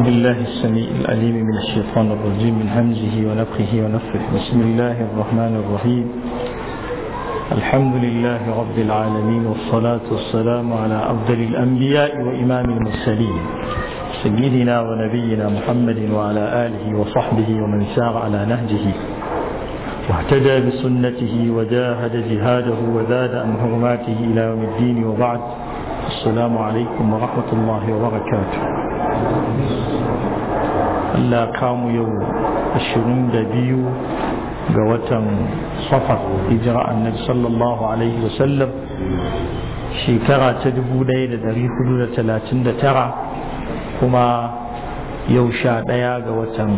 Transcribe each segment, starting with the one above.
بالله السميع الأليم من الشيطان الرجيم من همزه ونفخه ونفخه بسم الله الرحمن الرحيم الحمد لله رب العالمين والصلاة والسلام على أفضل الأنبياء وإمام المرسلين سيدنا ونبينا محمد وعلى آله وصحبه ومن سار على نهجه واهتدى بسنته وجاهد جهاده وزاد عن حرماته إلى يوم الدين وبعد السلام عليكم ورحمة الله وبركاته Allah kamu yau 22 ga watan safar hijira annabi sallallahu alaihi wasallam shekara ta 1439 kuma yau sha ɗaya ga watan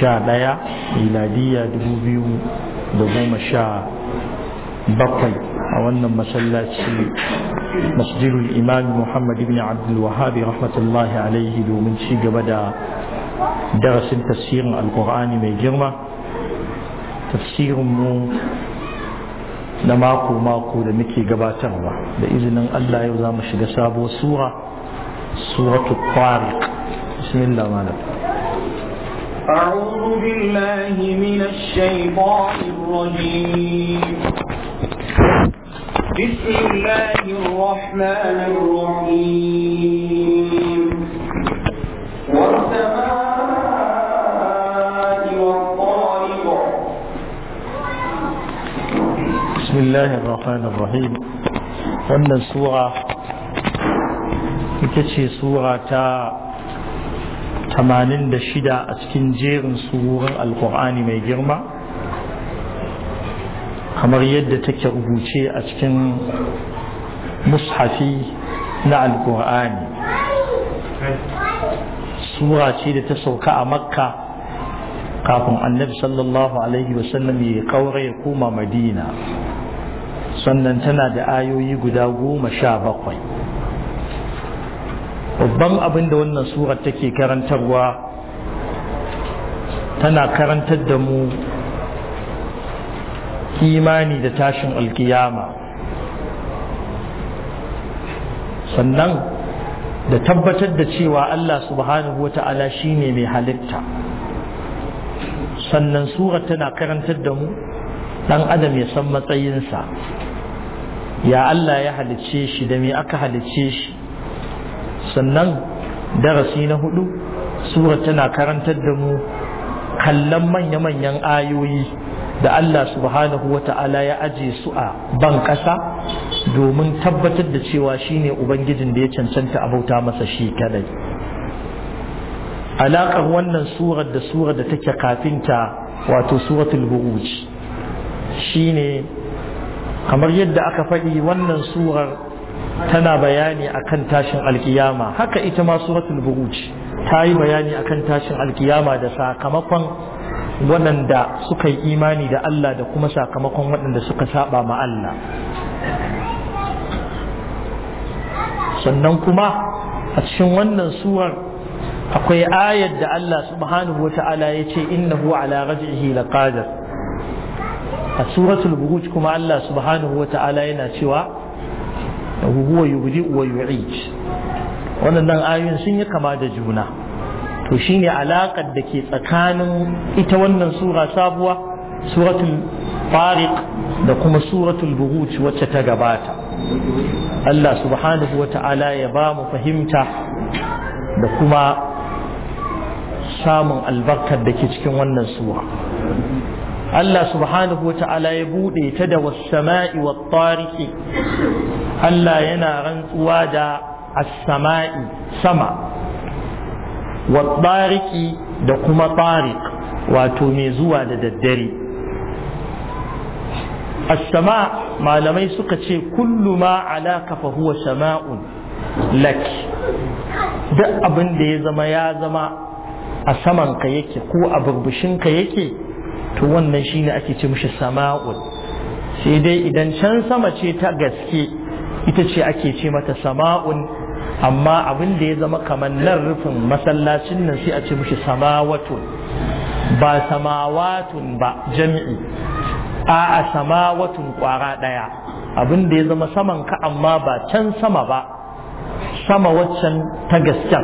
sha ɗaya miladiyya 2017 a wannan masallaci مسجد الإمام محمد بن عبد الوهاب رحمة الله عليه دومن شي قبدا درس تفسير القرآن من جرمة تفسير مو na mako-mako da muke gabatarwa da izinin Allah yau za mu shiga sabuwar sura suratu tariq bismillah malam أعوذ بالله من الشيطان الرجيم بسم الله الرحمن الرحيم والسماء والطارق بسم الله الرحمن الرحيم wannan sura ita ce sura ta 86 a cikin jerin surorin alkur'ani mai girma kamar yadda take rubuce a cikin mushafi na alkur'ani sura ce da ta sauka a makka kafin annabi sallallahu alaihi wasallam ya kaura ya koma madina sannan tana da ayoyi guda goma sha bakwai babban abin da wannan surar take karantarwa tana karantar da mu imani da tashin alkiyama sannan da tabbatar da cewa Allah subhanahu wa ta'ala shi ne mai halitta sannan sura tana karantar da mu ɗan adam ya san matsayinsa ya Allah ya halicce shi da me aka halicce shi sannan darasi na hudu sura tana karantar da mu kallon manya-manyan ayoyi da Allah subhanahu wa ta'ala ya aje su a ban ƙasa domin tabbatar da cewa shine ubangijin da ya cancanta abauta masa shi kadai alaƙar wannan surar da surar da take kafinta wato suratul buruj shine kamar yadda aka faɗi wannan surar tana bayani akan tashin alkiyama haka ita ma suratul buruj ta yi bayani akan tashin alkiyama da sakamakon waɗanda suka yi imani da Allah da kuma sakamakon waɗanda suka saba ma Allah sannan kuma a cikin wannan suwar akwai ayar da Allah subhanahu wa ta'ala ya ce innahu ala raj'ihi laqadir a suratul buruj kuma Allah subhanahu wa ta'ala yana cewa huwa yubdi wa yu'id wannan ayoyin sun yi kama da juna to shine alaƙar da ke tsakanin ita wannan sura sabuwa suratul fariq da kuma suratul buruj wacce ta gabata Allah subhanahu wa ta'ala ya ba mu fahimta da kuma samun albarkar da ke cikin wannan sura Allah subhanahu wa ta'ala ya buɗe ta da wassama'i wa tariki Allah yana rantsuwa da as-sama'i sama wa tsariki da kuma tsarik wato mai zuwa da daddare as-sama malamai suka ce kulluma ma alaka sama'un lak duk abin da ya zama ya zama a saman ka yake ko a ka yake to wannan shine ake ce mishi sama'un sai dai idan can sama ce ta gaske ita ce ake ci mata sama'un amma abin da ya zama kamar nan rufin masallacin nan sai a ce mushi samawatun ba samawatun ba jami'i a'a samawatun kwara ɗaya abin da ya zama saman ka amma ba can sama ba sama waccan ta gaskiya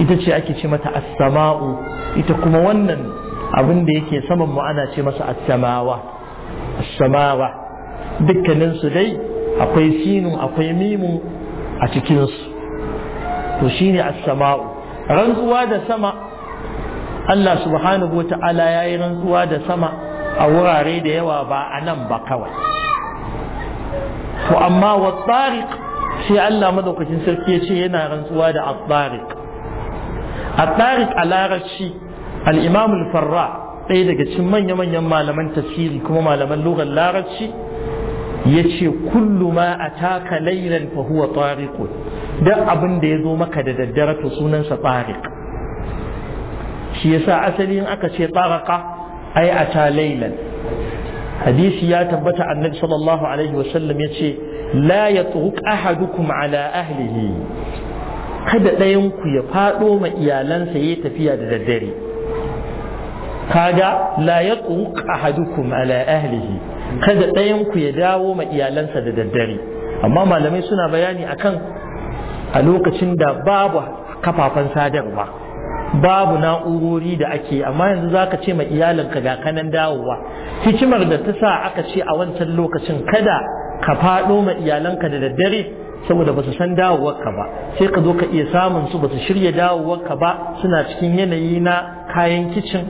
ita ce ake ce mata as-sama'u ita kuma wannan abin da yake saman mu ana ce masa as-samawa as-samawa dukkanin su dai akwai sinu akwai mimu a cikinsu. to shine as-sama'u rantsuwa da sama Allah subhanahu ta'ala ya yi rantsuwa da sama a wurare da yawa ba a nan ba kawai to amma wa tariq sai Allah madaukakin sarki ya ce yana rantsuwa da at-tariq at a larabci al farra ɗaya daga cikin manya-manyan malaman tafsiri kuma malaman lugar larabci ya ce kullu ma a taka lailan fa huwa tariqun duk abin da ya zo maka da daddare to sunansa tsarik shi yasa asali in aka ce tsaraka ai a ta lailan hadisi ya tabbata annabi sallallahu alaihi sallam ya ce la ya ahadukum ala ahlihi kada ɗayan ku ya faɗo ma iyalansa ya tafiya da daddare kaga la ya ahadukum ala ahlihi kada ɗayan ku ya dawo ma iyalansa da daddare amma malamai suna bayani akan a lokacin da babu kafafen sadarwa babu na'urori da ake amma yanzu za ka ce ma iyalinka ga kanan dawowa hikimar da ta sa aka ce a wancan lokacin kada ka faɗo ma iyalanka da daddare saboda ba su san dawowarka ba sai ka zo ka iya samun su ba su shirya dawowarka ba suna cikin yanayi na kayan kicin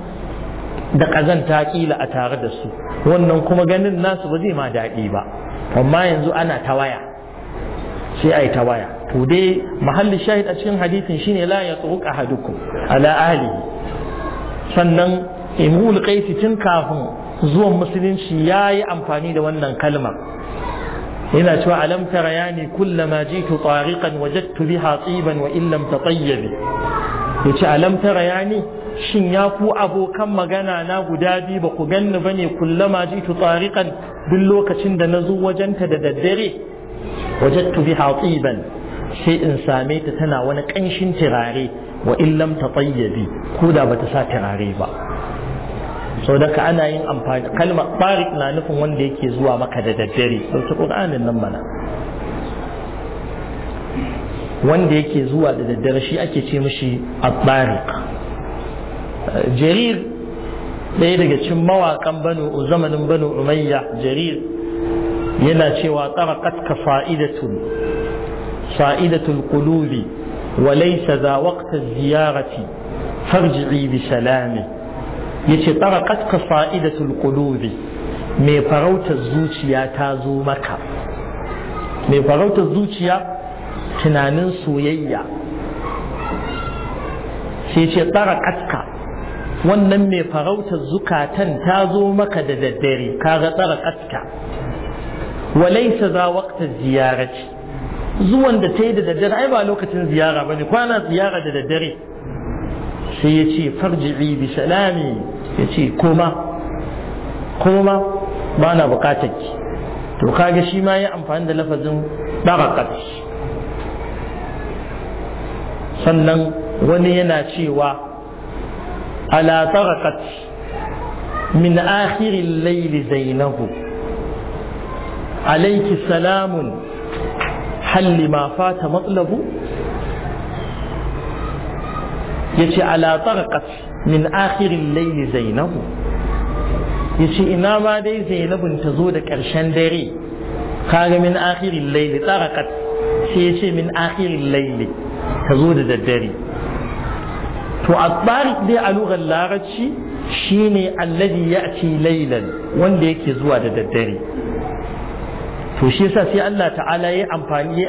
da ƙazanta ƙila a tare da su wannan kuma ganin nasu ba zai ma daɗi ba amma yanzu ana ta waya sai a yi ta waya to dai mahallin shahid a cikin hadisin shine la ya tsuka ahadukum ala ahlihi sannan imul qaisi tun kafin zuwan musulunci yayi amfani da wannan kalmar yana cewa alam tara yani kullama jitu tariqan wajadtu biha tsiban wa illam tatayyabi yace alam tara yani shin ya ku abokan magana na guda biyu ba ku ganni ba ne kullama jitu tariqan duk lokacin da na zo wajenta da daddare wajattu biha tsiban sai in same ta tana wani ƙanshin turare wa illam ta tsayyabi ko da bata sa turare ba sau da ana yin amfani kalma tsarik na nufin wanda yake zuwa maka da daddare ta ƙur'anin nan mana wanda yake zuwa da daddare shi ake ce mishi a tsarik jarir ɗaya daga cikin mawaƙan banu zamanin banu umayya jarir yana cewa tsarakat ka fa'idatun سائلة القلوب وليس ذا وقت الزيارة فارجعي بسلام يتي طرقت قصائدة القلوب مي فروت الزوشيا تازو مكة مي فروت الزوشيا تنانن سويا سيتي طرقت قصائدة wannan mai farautar zukatan ta zo maka da daddare ka ga tsara katka zuwan da ta yi da daddare ai ba lokacin ziyara ba ne kwana ziyara da daddare sai ya ce farji'i bi salami ya ce koma koma ba na bukatar ki to kaga shi ma ya amfani da lafazin barakat sannan wani yana cewa ala tarakat min akhirin laili zainabu alaiki salamun halli ma fata matlabu ya ce ala tsarkat min akhirin laili zainabu ya ce ina ma dai Zainabu ta zo da ƙarshen dare kaga min akhirin laili tsarkat sai ya ce min akhirin laili ta zo da daddare to a tsarik dai a larabci shine alladhi ya'ti laylan wanda yake zuwa da daddare to shi yasa sai Allah ta'ala ya amfani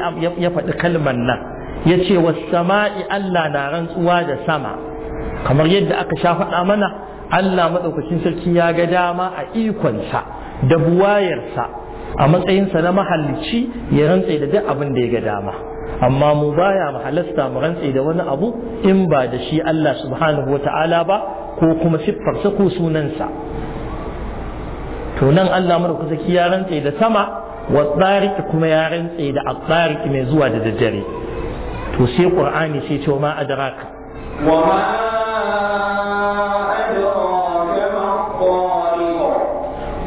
ya faɗi kalmar nan ya ce was sama'i Allah na rantsuwa da sama kamar yadda aka sha faɗa mana Allah maɗaukacin sarki ya ga dama a ikonsa da buwayarsa a matsayinsa na mahalicci ya rantse da duk abin da ya ga dama amma mu baya mu mu rantse da wani abu in ba da shi Allah subhanahu wa ta'ala ba ko kuma siffarsa ko sunansa to nan Allah maɗaukacin sarki ya rantse da sama ka kuma ya rantse da asdariki mai zuwa da daddare to sai qur'ani sai ce ma adraka wa ma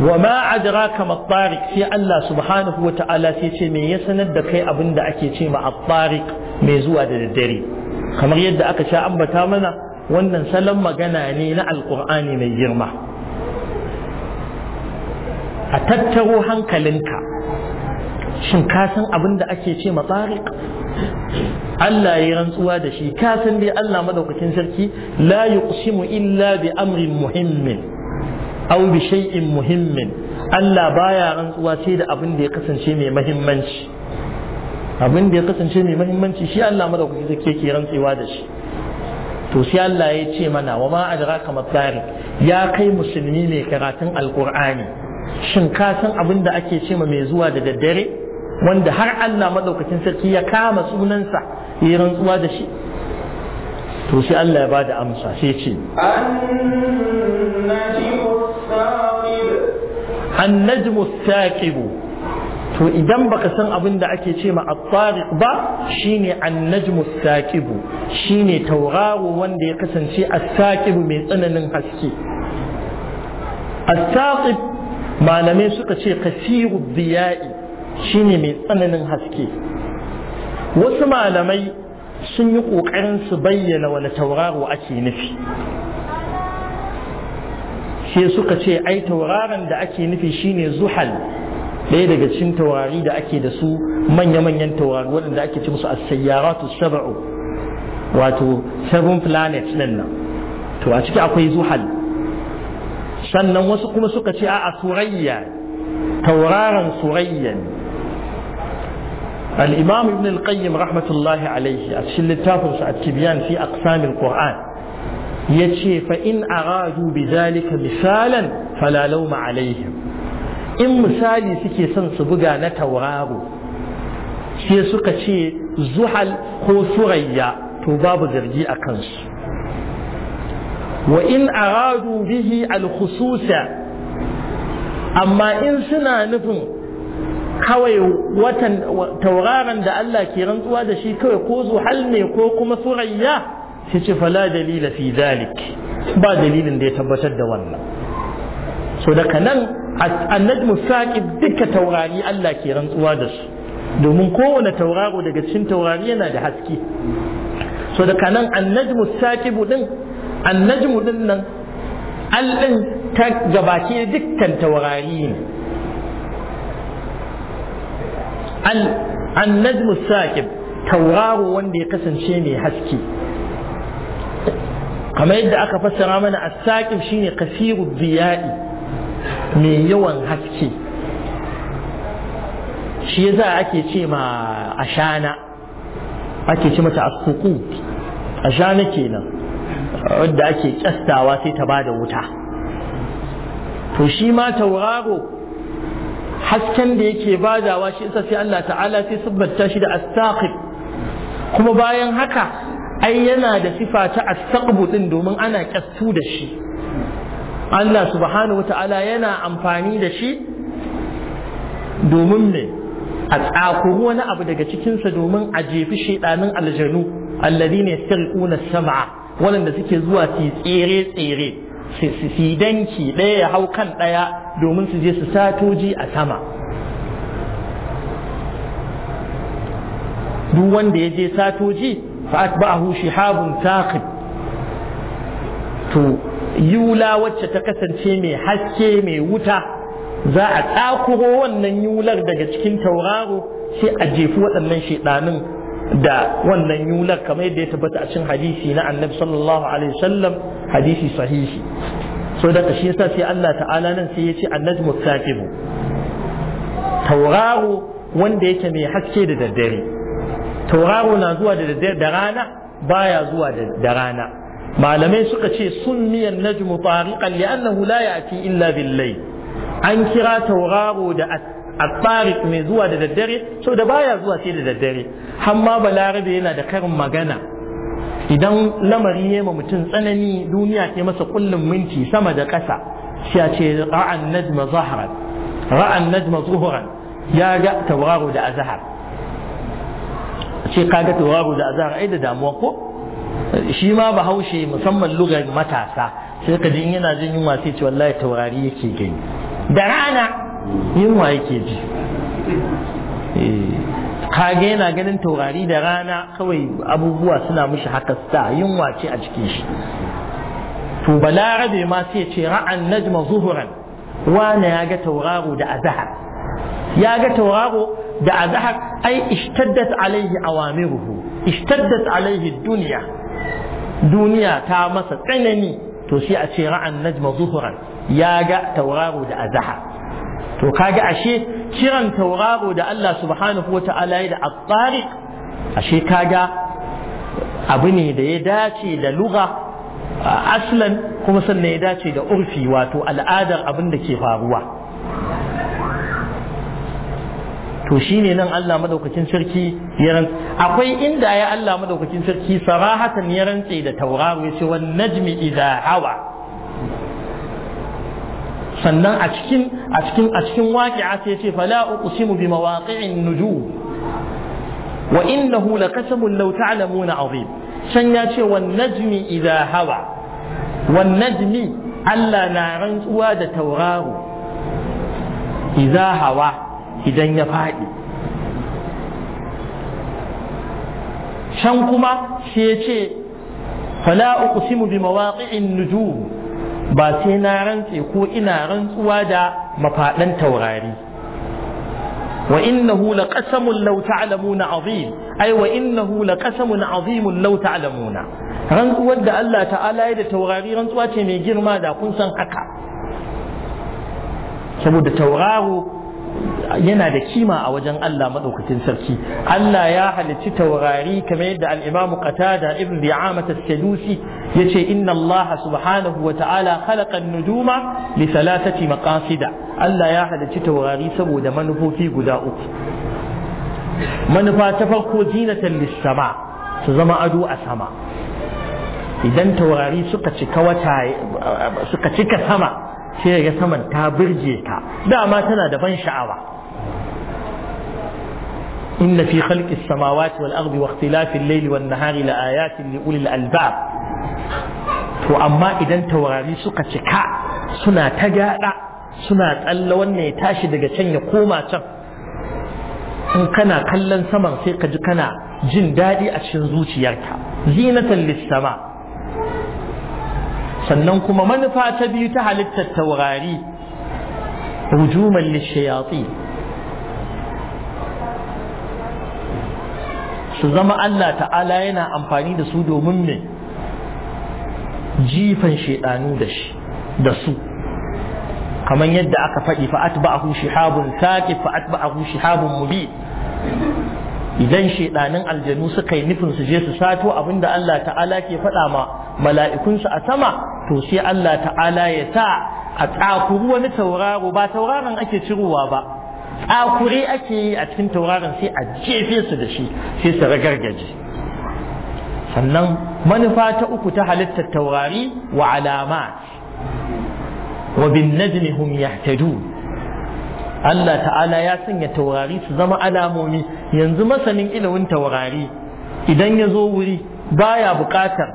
wa ma adraka matariq Allah subhanahu wa ta'ala sai ce me ya sanar da kai abinda ake ce ma atariq mai zuwa da kamar yadda aka sha ambata mana wannan salon magana ne na alqur'ani mai girma a tattaro hankalinka shin ka san abin da ake ce matsariq Allah ya yi rantsuwa da shi ka san dai Allah madaukakin sarki la yuqsimu illa bi amrin muhimmin aw bi shay'in muhimmin Allah baya rantsuwa sai da abin da ya kasance mai muhimmanci abin da ya kasance mai muhimmanci shi Allah madaukakin sarki yake rantsuwa da shi to sai Allah ya ce mana wa ma adraka matsariq ya kai musulmi mai karatun alqur'ani shin ka san abin da ake ce mai zuwa da daddare wanda har Allah madaukakin sarki ya kama sunansa yi rantsuwa da shi to shi Allah ya bada amsa sai ce annajmu saqibu to idan baka san abin da ake ce ma at-tariq ba shine annajmu saqibu shine tauraro wanda ya kasance as-saqibu mai tsananin haske as-saqib malamai suka ce kasiru biya'i shine mai tsananin haske wasu malamai sun yi ƙoƙarin su bayyana wani tauraro ake nufi sai suka ce ai tauraron da ake nufi shine zuhal ɗaya daga cikin taurari da ake da su manya-manyan taurari waɗanda ake ci musu a sayyaratu saba'u wato seven planets nan nan to a ciki akwai zuhal sannan wasu kuma suka ce a'a surayya tauraron surayya ne الإمام ابن القيم رحمة الله عليه أتشل التافرس التبيان في أقسام القرآن يتشي فإن أرادوا بذلك مثالا فلا لوم عليهم إن مثالي سكي سنس بقى نتورارو sai suka ce zuhal ko surayya to babu zargi a kansu wa in aradu bihi al-khususa amma in suna nufin kawai watan tauraron da Allah ke rantsuwa da shi kawai ko zuhal ne ko kuma surayya shi ce fala dalila fi zalik ba dalilin da ya tabbatar da wannan so daga nan annajmu saqib duka taurari Allah ke rantsuwa da su domin kowane tauraro daga cikin taurari yana da haske so daga nan annajmu saqib din annajmu din nan allin ta gabace dukkan taurari ne annajmu saqib tauraro wanda ya kasance mai haske kamar yadda aka fassara mana a saqib shine kasiru diya'i mai yawan haske shi yasa ake ce ma ashana ake ce mata as ashana kenan wadda ake kyastawa sai ta bada wuta to shi ma tauraro hasken da yake badawa shi isa sai Allah ta'ala sai subbata shi da astaqib kuma bayan haka ai yana da sifa ta astaqbu din domin ana kyastu da shi Allah subhanahu wata'ala yana amfani da shi domin ne a tsakuru wani abu daga cikinsa domin a jefi shaidanin aljanu allazi ne sam'a waɗanda suke zuwa su yi tsere-tsere su yi danki ɗaya ya hau kan ɗaya domin su je su satoji a sama duk wanda ya je satoji fa'at ba'ahu shihabun taqib to yula wacce ta kasance mai haske mai wuta za a tsakuro wannan yular daga cikin tauraro sai a jefi waɗannan shaidanin da wannan yular kamar yadda ya tabbata a cikin hadisi na annabi sallallahu alaihi wasallam hadisi sahihi so da shi yasa sai Allah ta'ala nan sai ya ce annajmu saqibu tauraro wanda yake mai haske da daddare tauraro na zuwa da daddare da rana baya zuwa da rana malamai suka ce sunniyan najmu tariqan li'annahu la ya'ti illa bil an kira tauraro da at mai zuwa da daddare so da baya zuwa sai da daddare hamma balarabe yana da karin magana idan lamari ne ma mutum tsanani duniya ke masa kullum minti sama da ƙasa sai a ce ra'an najma zaharan ra'an najma zuhuran ya ga tauraro da azhar ce kaga tauraro da azhar ai da damuwa ko shi ma bahaushe musamman lugar matasa sai ka ji yana jin yunwa sai ce wallahi taurari yake gani da rana yunwa yake ji eh, kage yana ganin taurari da rana kawai abubuwa suna mushi haka sa yunwa ce a cikin shi to balarabe ma sai ce ra'an najma zuhuran na ya ga tauraro da azahar ya ga tauraro da azahar ai ishtaddat alaihi awamiruhu ishtaddat alaihi duniya duniya ta masa tsanani to sai a ce ra'an najma zuhuran ya ga tauraro da azahar to kaga ashe kiran tauraro da Allah subhanahu wa ta'ala ya da at-tariq ashe kaga abu ne da ya dace da lugha aslan kuma sannan ya dace da urfi wato al'adar abin da ke faruwa to shine nan Allah madaukakin sarki ya rantse akwai inda ya Allah madaukakin sarki sarahatan ya rantse da tauraro ya ce wan najmi idha hawa sannan a cikin a cikin a cikin waqi'a sai yace fala uqsimu bi mawaqi'in nujum wa innahu laqasamun law ta'lamuna azim can ya ce wan najmi idha hawa wan najmi Allah na rantsuwa da tauraro idza hawa idan ya faɗi can kuma sai ya ce fala uqsimu bi mawaqi'in nujum ba sai na rantse ko ina rantsuwa da mafaɗan taurari wa innahu laqasamun law ta'lamuna azim ai wa innahu laqasamun azimun law ta'lamuna rantsuwar da Allah ta'ala ya da taurari rantsuwa ce mai girma da kun san haka saboda tauraro yana da kima a wajen Allah maɗaukakin sarki Allah ya halicci taurari kamar yadda al-Imam Qatada ibn Di'amah as-Sadusi yace inna Allah subhanahu wa ta'ala khalaqa an-nujuma li thalathati Allah ya halicci taurari saboda manufofi guda uku manufa ta farko zinatan lis-sama su zama ado a sama idan taurari suka cika wata suka cika sama sai ya saman ta birje ta dama tana da ban sha'awa inna fi khalqi samawati wal ardi wa ikhtilafi al-layli wan nahari la ayatin li ulil albab to amma idan taurari suka cika suna ta gada suna tsalla wannan ya tashi daga can ya koma can in kana kallon saman sai ka ji kana jin daɗi a cikin zuciyarka zinatan lissama sannan kuma manufa ta biyu ta halittar taurari rujuman lishayati su zama Allah ta'ala yana amfani da su domin me jifan shaidanu da shi da su kamar yadda aka faɗi fa'at ba'ahu shihabun saqif fa'at ba'ahu shihabun mubin idan shaidanin aljanu suka yi nufin su je su sato abinda Allah ta'ala ke faɗa ma mala'ikunsu a sama to sai Allah ta'ala ya sa a tsakuru wani tauraro ba tauraron ake cirowa ba tsakure ake yi a cikin tauraron sai a jefe su da shi sai su ragargaje sannan manufa ta uku ta halittar taurari wa alama wa bin najmi hum yahtadun Allah ta'ala ya sanya taurari su zama alamomi yanzu masanin ilimin taurari idan ya zo wuri baya buƙatar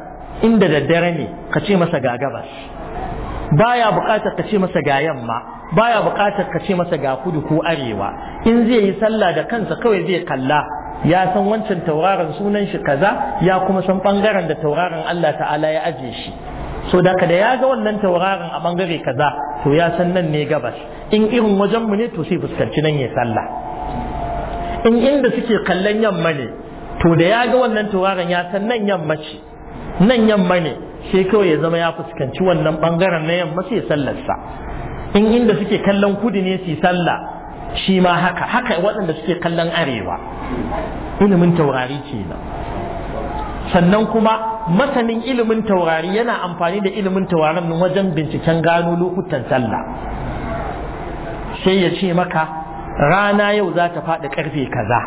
inda daddare ne ka ce masa ga gabas baya buƙatar ka ce masa ga yamma baya buƙatar ka ce masa ga kudu ko arewa in zai yi sallah da kansa kawai zai kalla ya san wancan tauraron sunan shi kaza ya kuma san bangaren da tauraron Allah ta'ala ya aje shi so da ka da ya ga wannan tauraron a bangare kaza to ya san nan ne gabas in irin wajen mu ne to sai fuskanci nan ya sallah in inda suke kallon yamma ne to da ya ga wannan tauraron ya san nan yamma ce nan yamma ne sai kawai ya zama ya fuskanci wannan bangaren na yamma sai sallarsa in inda suke kallon kudu ne su sallah shi ma haka haka waɗanda suke kallon arewa ilimin taurari kenan sannan kuma masanin ilimin taurari yana amfani da ilimin taurarin wajen binciken gano lokutan sallah sai ya ce maka rana yau za ta faɗi ƙarfe kaza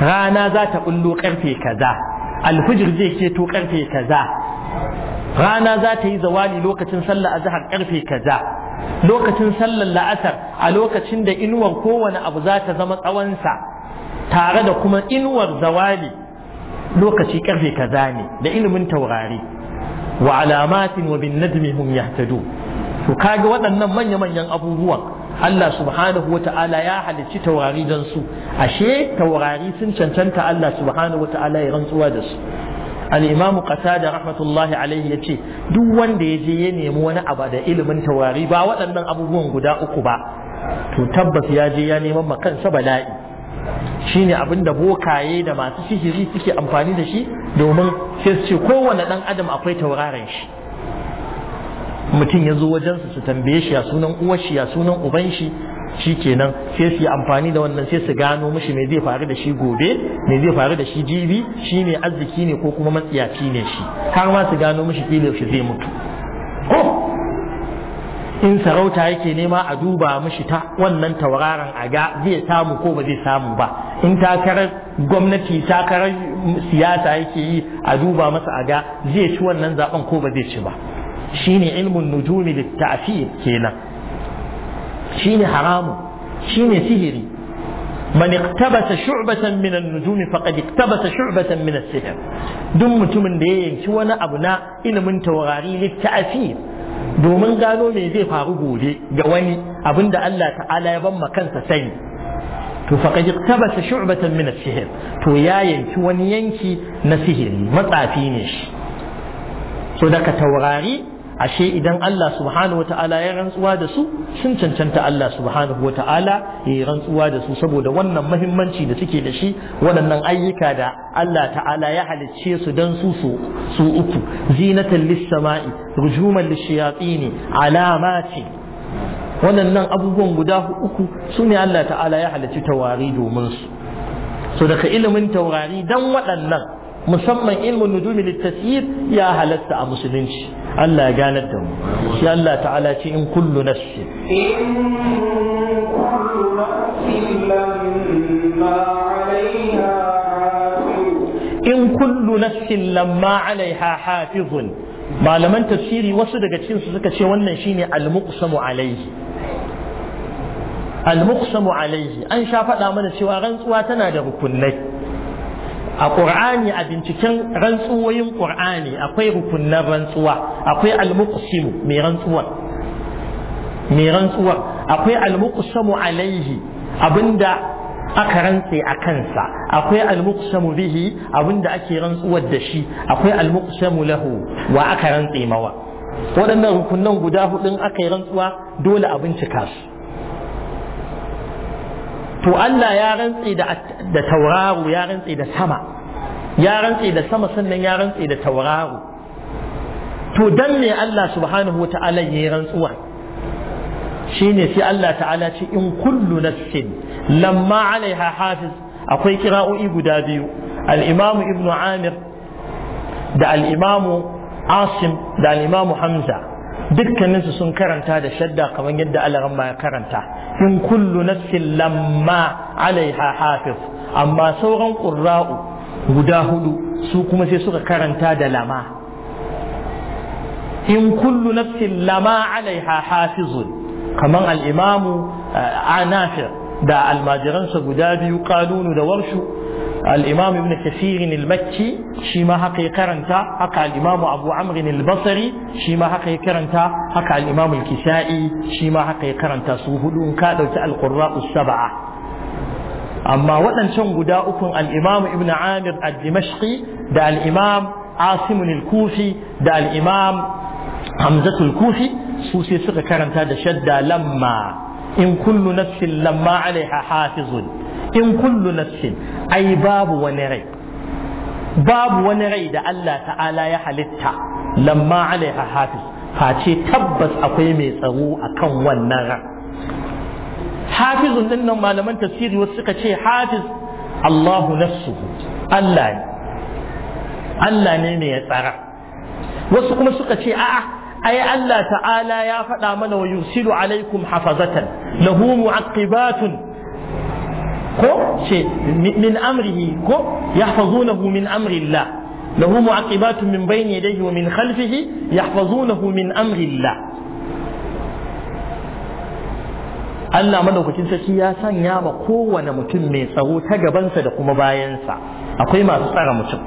rana za ta ɓullo ƙarfe kaza alfijir zai keto ƙarfe kaza rana za ta yi zawali lokacin sallah a jihar ƙarfe kaza lokacin sallar la'asar a lokacin da inuwar kowane abu za ta zama tsawonsa tare da kuma inuwar zawali lokaci karfe kaza ne da ilimin taurari wa alamatin wa bin najmi hum yahtadu to kaga waɗannan manya-manyan abubuwan Allah subhanahu wa ta'ala ya halicci taurari don su ashe taurari sun cancanta Allah subhanahu wa ta'ala ya rantsuwa da su al-imamu qatada rahmatullahi alaihi yace duk wanda ya je ya nemi wani abu da ilimin taurari ba waɗannan abubuwan guda uku ba to tabbas ya je ya neman ma kansa bala'i shine abin da bokaye da masu sihiri suke amfani da shi domin sai su ce kowane ɗan adam akwai tauraron shi mutum ya zo wajen su tambaye shi ya sunan uwar shi ya sunan uban shi shi kenan sai su yi amfani da wannan sai su gano mishi me zai faru da shi gobe me zai faru da shi jibi shi ne arziki ne ko kuma matsiyaci ne shi har ma su gano mishi filin shi zai mutu in sarauta yake nema a duba mishi ta wannan tauraron a ga zai samu ko ba zai samu ba in takarar gwamnati takarar siyasa yake yi a duba masa a ga zai ci wannan zaben ko ba zai ci ba Shi ne ilmin nujumi litta'fir kenan shi shine haramu ne sihiri man iktabasa shu'batan min an-nujumi faqad iktabasa shu'batan min as-sihr duk mutumin da ya yanki wani abu na ilimin taurari litta'fir domin gano me zai faru gobe ga wani abinda Allah ta'ala ya ban kansa sani to faqad ta shu'batan min as to ya yanki wani yanki na sihiri matsafi ne shi so daga taurari ashe idan Allah subhanahu wata'ala ya rantsuwa da su sun cancanta Allah subhanahu wata'ala ya yi rantsuwa da su saboda wannan mahimmanci da suke da shi waɗannan ayyuka da Allah ta'ala ya halicce su dan su su uku zinatan lissama'i rujuman lishiyatini alamati waɗannan abubuwan guda uku su ne Allah ta'ala ya halicci taurari domin su so daga ilimin taurari dan waɗannan musamman ilmin nujumi littasyir ya halatta a musulunci Allah ya ganar da mu shi Allah ta'ala ce in kullu nafsi in kullu nafsin lamma alaiha in kullu nafsin lamma hafizun malaman tafsiri wasu daga cikin su suka ce wannan shine al-muqsamu alayhi al-muqsamu an sha faɗa mana cewa rantsuwa tana da rukunai a ƙur'ani a binciken rantsuwoyin ƙur'ani akwai rukunan rantsuwa akwai almuqsimu mai rantsuwar mai rantsuwar akwai almuqsamu alaihi abinda aka rantse a kansa akwai almuqsamu bihi abinda ake rantsuwar da shi akwai almuqsamu lahu wa aka rantse mawa waɗannan rukunan guda hudun aka yi rantsuwa dole a bincika su to Allah ya rantse da tauraro ya rantse da sama ya rantse da sama sannan ya rantse da tauraro to dan me Allah subhanahu wa ta'ala ya rantsuwa shine sai Allah ta'ala ce in kullu nafsin lamma alaiha hafiz akwai kira'o'i guda biyu al-imamu ibnu amir da al-imamu asim da al-imamu hamza dukkaninsu sun karanta da shadda kamar yadda alaran ya karanta In kullu nafsin lamma alaiha hafiz amma sauran ƙura'u guda hudu su kuma sai suka karanta da lama in kullu nafsin lama alaiha hafizun kamar al'imamu eh, a nafir da almajiransa guda biyu kanunu da warshu al-imam ibn kathir al-makki shi ma haka ya karanta haka al-imam al-basri shi ma karanta haka al-imam al-kisai ya karanta su huɗu in ka dauki al-qurra sab'a amma waɗancan guda ukun al ibn amir al-dimashqi da al-imam asim da al-imam hamzatu al-kufi su sai suka karanta da shadda lamma in kullu nafsin lamma alaiha hafizun in kullu nafsin ai babu wani rai babu wani rai da Allah ta'ala ya halitta lamma alaiha hafiz face tabbas akwai mai tsaro akan wannan ran hafizun din nan malaman tafsiri wasu suka ce hafiz Allahu nafsuhu Allah ne Allah ne mai tsara wasu kuma suka ce a'a ai Allah ta'ala ya faɗa mana wa yusilu alaikum hafazatan lahu mu'aqibatun ko ce min amrihi ko yahfazunahu min amrillah lahu mu'aqibatun min bayni yadayhi wa min khalfihi yahfazunahu min Allah madaukakin sarki ya sanya ma kowane mutum mai tsaro ta gabansa da kuma bayansa akwai masu tsara mutum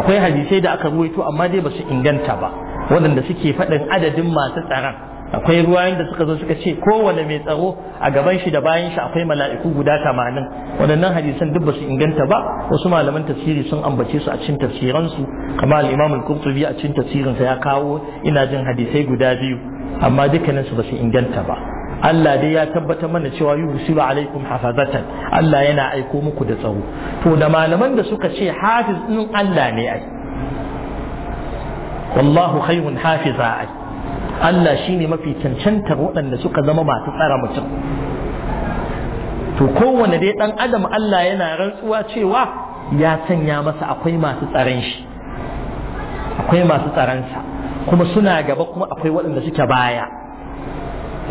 akwai hadisai da aka ruwaito amma dai ba su inganta ba waɗanda suke faɗin adadin masu tsaron akwai ruwa da suka zo suka ce kowane mai tsaro a gaban shi da bayan shi akwai mala'iku guda tamanin waɗannan hadisan duk basu inganta ba wasu malaman tasiri sun ambace su a cikin su kamar al-Imam al-Qurtubi a cikin tasirinsa ya kawo ina jin hadisai guda biyu amma dukkanin su basu inganta ba Allah dai ya tabbatar mana cewa yusiru alaikum hafazatan Allah yana aiko muku da tsaro to da malaman da suka ce hafiz din Allah ne ai wallahu khairun hafiza ai Allah shine mafi cancantar waɗanda suka zama masu tsara mutum to kowane dai ɗan adam Allah yana rantsuwa cewa ya sanya masa akwai masu tsaron shi akwai masu tsaransa kuma suna gaba kuma akwai waɗanda suke baya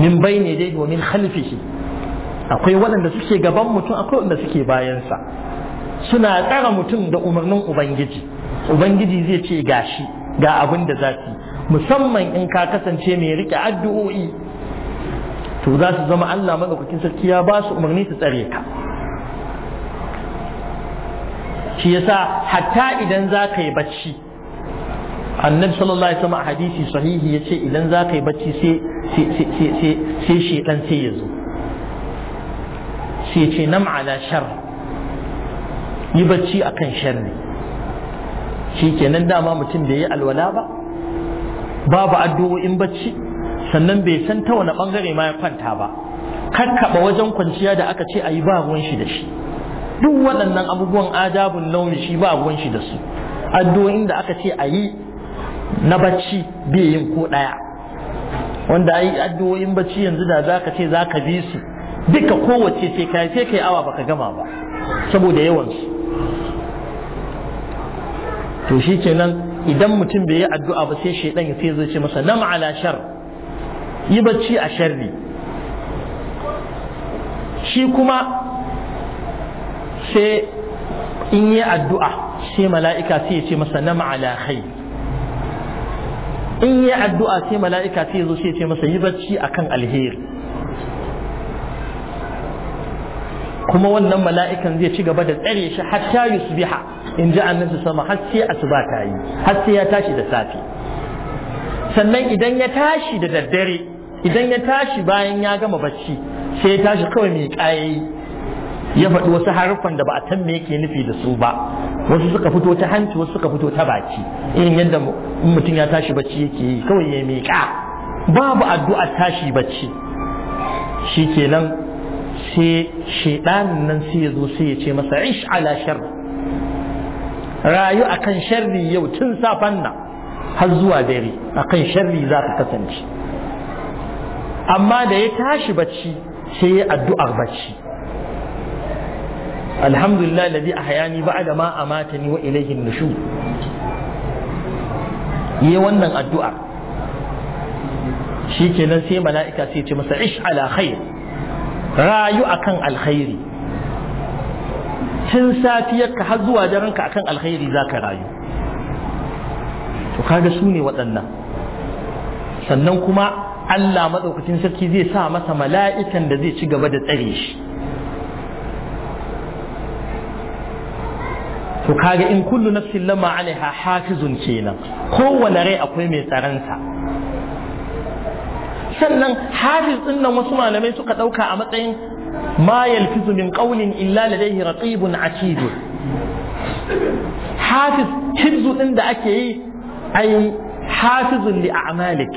min bai ne dai domin khalfihi akwai waɗanda suke gaban mutum akwai waɗanda suke bayansa suna tsara mutum da umarnin ubangiji ubangiji zai ce gashi ga abin da za su musamman in ka kasance mai rike addu'o'i to za su zama Allah madaukakin sarki ya ba su umarni su tsare ka shi yasa hatta idan za ka yi bacci annabi sallallahu alaihi wasallam hadisi sahihi yace idan za ka yi bacci sai sai sai sai sai ya zo sai ce nam ala shar yi bacci akan sharri shi kenan dama mutum bai yi alwala ba babu addu'o'in bacci sannan bai san ta wani bangare ma ya kwanta ba kaɓa wajen kwanciya da aka ce a yi ba ruwan shi da shi duk waɗannan abubuwan adabun nauyi shi ba ruwan shi da su addu'o'in da aka ce a yi na bacci bai yin ko ɗaya wanda ayi addu'o'in bacci yanzu da zaka ce zaka bi su duka kowace ce kai sai kai awa baka gama ba saboda yawan su to shi kenan idan mutum bai yi addu'a ba sai shaidan sai zai ce masa nam ala shar yi bacci a sharri shi kuma sai in yi addu'a sai mala'ika sai ya ce masa nam ala khair in yi addu'a sai mala'ika sai zo sai ya ce masa yi bacci akan alheri kuma wannan mala'ikan zai ci gaba da tsare shi har hatta yusbiha in ji annabi sama har sai asuba ta yi har sai ya tashi da safe sannan idan ya tashi da daddare idan ya tashi bayan ya gama bacci sai ya tashi kawai mai kayayi ya faɗi wasu haruffan da ba a san me yake nufi da su ba wasu suka fito ta hanci wasu suka fito ta baki irin yadda mutum ya tashi bacci yake yi kawai ya miƙa babu addu'a tashi bacci shikenan sai shaidanin nan sai ya zo sai ya ce masa ish ala shar rayu akan sharri yau tun safan nan har zuwa dare akan sharri za ka kasance amma da ya tashi bacci sai ya addu'ar bacci alhamdulillah ladhi ahyani ba'da ma amatani wa ilayhi nushu yi wannan addu'a kenan sai mala'ika sai ce masa ish ala khair rayu akan alkhairi tun safiyarka har zuwa daren ka akan alkhairi za ka rayu to kaga su ne waɗannan sannan kuma Allah maɗaukacin sarki zai sa masa mala'ikan da zai ci gaba da tsare shi to kaga in kullu nafsin lama alaiha hafizun kenan kowane rai akwai mai tsaransa sannan hafiz din nan wasu malamai suka dauka a matsayin ma yalfizu min qawlin illa ladayhi raqibun atid hafiz hifzu din da ake yi ai hafizun li a'malik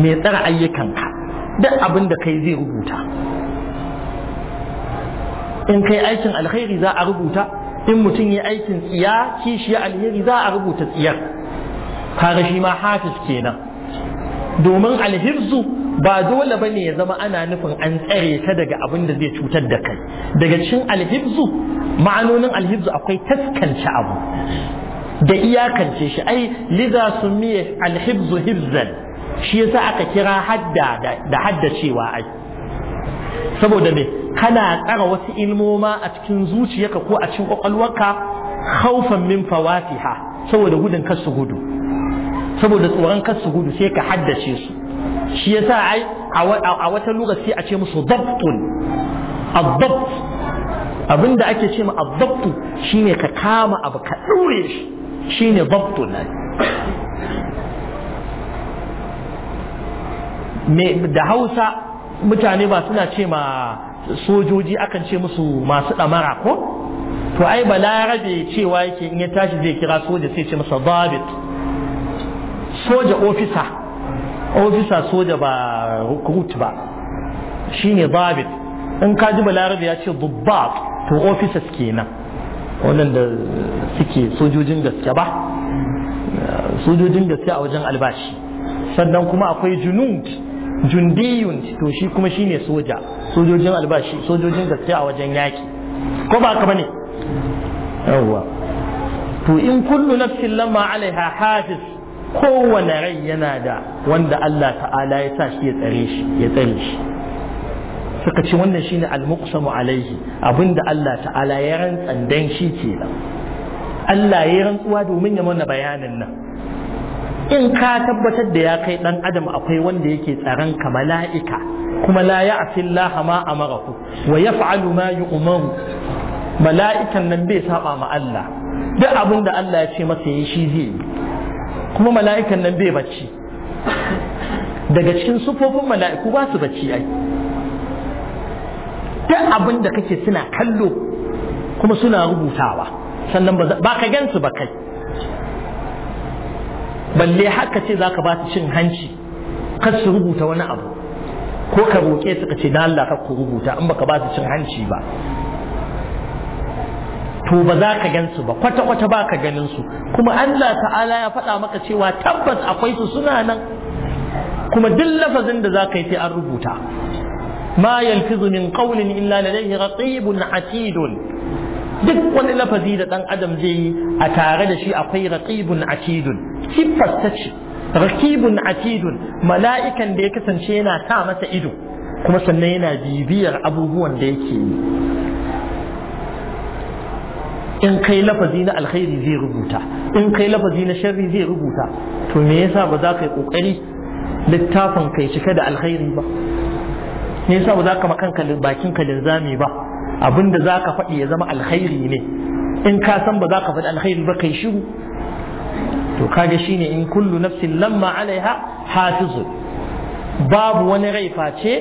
mai tsara ayyukanka duk abin da kai zai rubuta in kai aikin alkhairi za a rubuta in mutum ya aikin tsiya kishiya alheri za a rubuta tsiyar kaga shi ma hafiz kenan domin alhifzu ba dole ba ne ya zama ana nufin an tsare ta daga abin da zai cutar da kai daga cikin alhibzu ma'anonin alhibzu akwai taskance abu da iyakance shi ai liza miye alhibzu hibzan shi yasa aka kira hadda da hadda cewa ai saboda me kana tsara wasu ilmoma a cikin zuciyarka ko a cikin kwakwalwarka khaufan min fawatiha saboda gudun kar gudu saboda tsoron kar gudu sai ka haddace su shi yasa ai a wata lokaci a ce musu dabtun addabt abinda ake ce ma addabtu shine ka kama abu ka dure shi shine dabtun ne da Hausa mutane ba suna ce ma sojoji akan ce musu masu ɗamara ko to ai balarabe cewa yake in ya tashi zai kira soja sai ce masa dabit soja ofisa ofisa soja ba recruit ba shine babit in ka ji balarabe ya ce dubbat to officers kenan waɗanda suke sojojin gaske ba sojojin gaske a wajen albashi sannan kuma akwai junud jundiyun to shi kuma shine soja sojojin albashi sojojin gaske a wajen yaki ko ba ka bane yawwa to in kullu nafsin lamma alaiha hafiz kowane rai yana da wanda Allah ta'ala ya sa shi ya tsare shi ya tsare shi suka ce wannan shine al-muqsamu alaihi abinda Allah ta'ala ya rantsan dan shi kenan Allah ya rantsuwa domin ya mana bayanin nan in ka tabbatar da ya kai dan adam akwai wanda yake tsaron ka mala'ika kuma la ya'si Allah ma amarahu wa yaf'alu ma yu'maru mala'ikan nan bai saba ma Allah duk abinda Allah ya ce masa yi shi zai yi kuma mala'ikan nan bai bacci daga cikin sufofin mala'iku ba su bacci ai duk abin da kake suna kallo kuma suna rubutawa sannan ba ka gansu ba kai balle haka ce za ka ba su cin hanci kar su rubuta wani abu ko ka roƙe su ka ce na Allah ka ku rubuta in baka ba su cin hanci ba to ba za ka gansu ba kwata-kwata ba ka ganin su kuma Allah ta'ala ya faɗa maka cewa tabbas akwai su suna nan kuma duk lafazin da za ka yi sai an rubuta ma yalfizu min qawlin illa ladayhi raqibun atidun duk wani lafazi da dan adam zai yi a tare da shi akwai raqibun atidun siffar ta ce raqibun atidun mala'ikan da ya kasance yana sa masa ido kuma sannan yana bibiyar abubuwan da yake yi in kai lafazi na alkhairi zai rubuta in kai lafazi na sharri zai rubuta to me yasa ba za ka yi kokari littafin kai cike da alkhairi ba me yasa ba za ka makan bakin ka linzami ba abinda za ka faɗi ya zama alkhairi ne in ka san ba za ka faɗi alkhairi ba kai shiru to kaga shine in kullu nafsin lamma alaiha hafizu babu wani rai face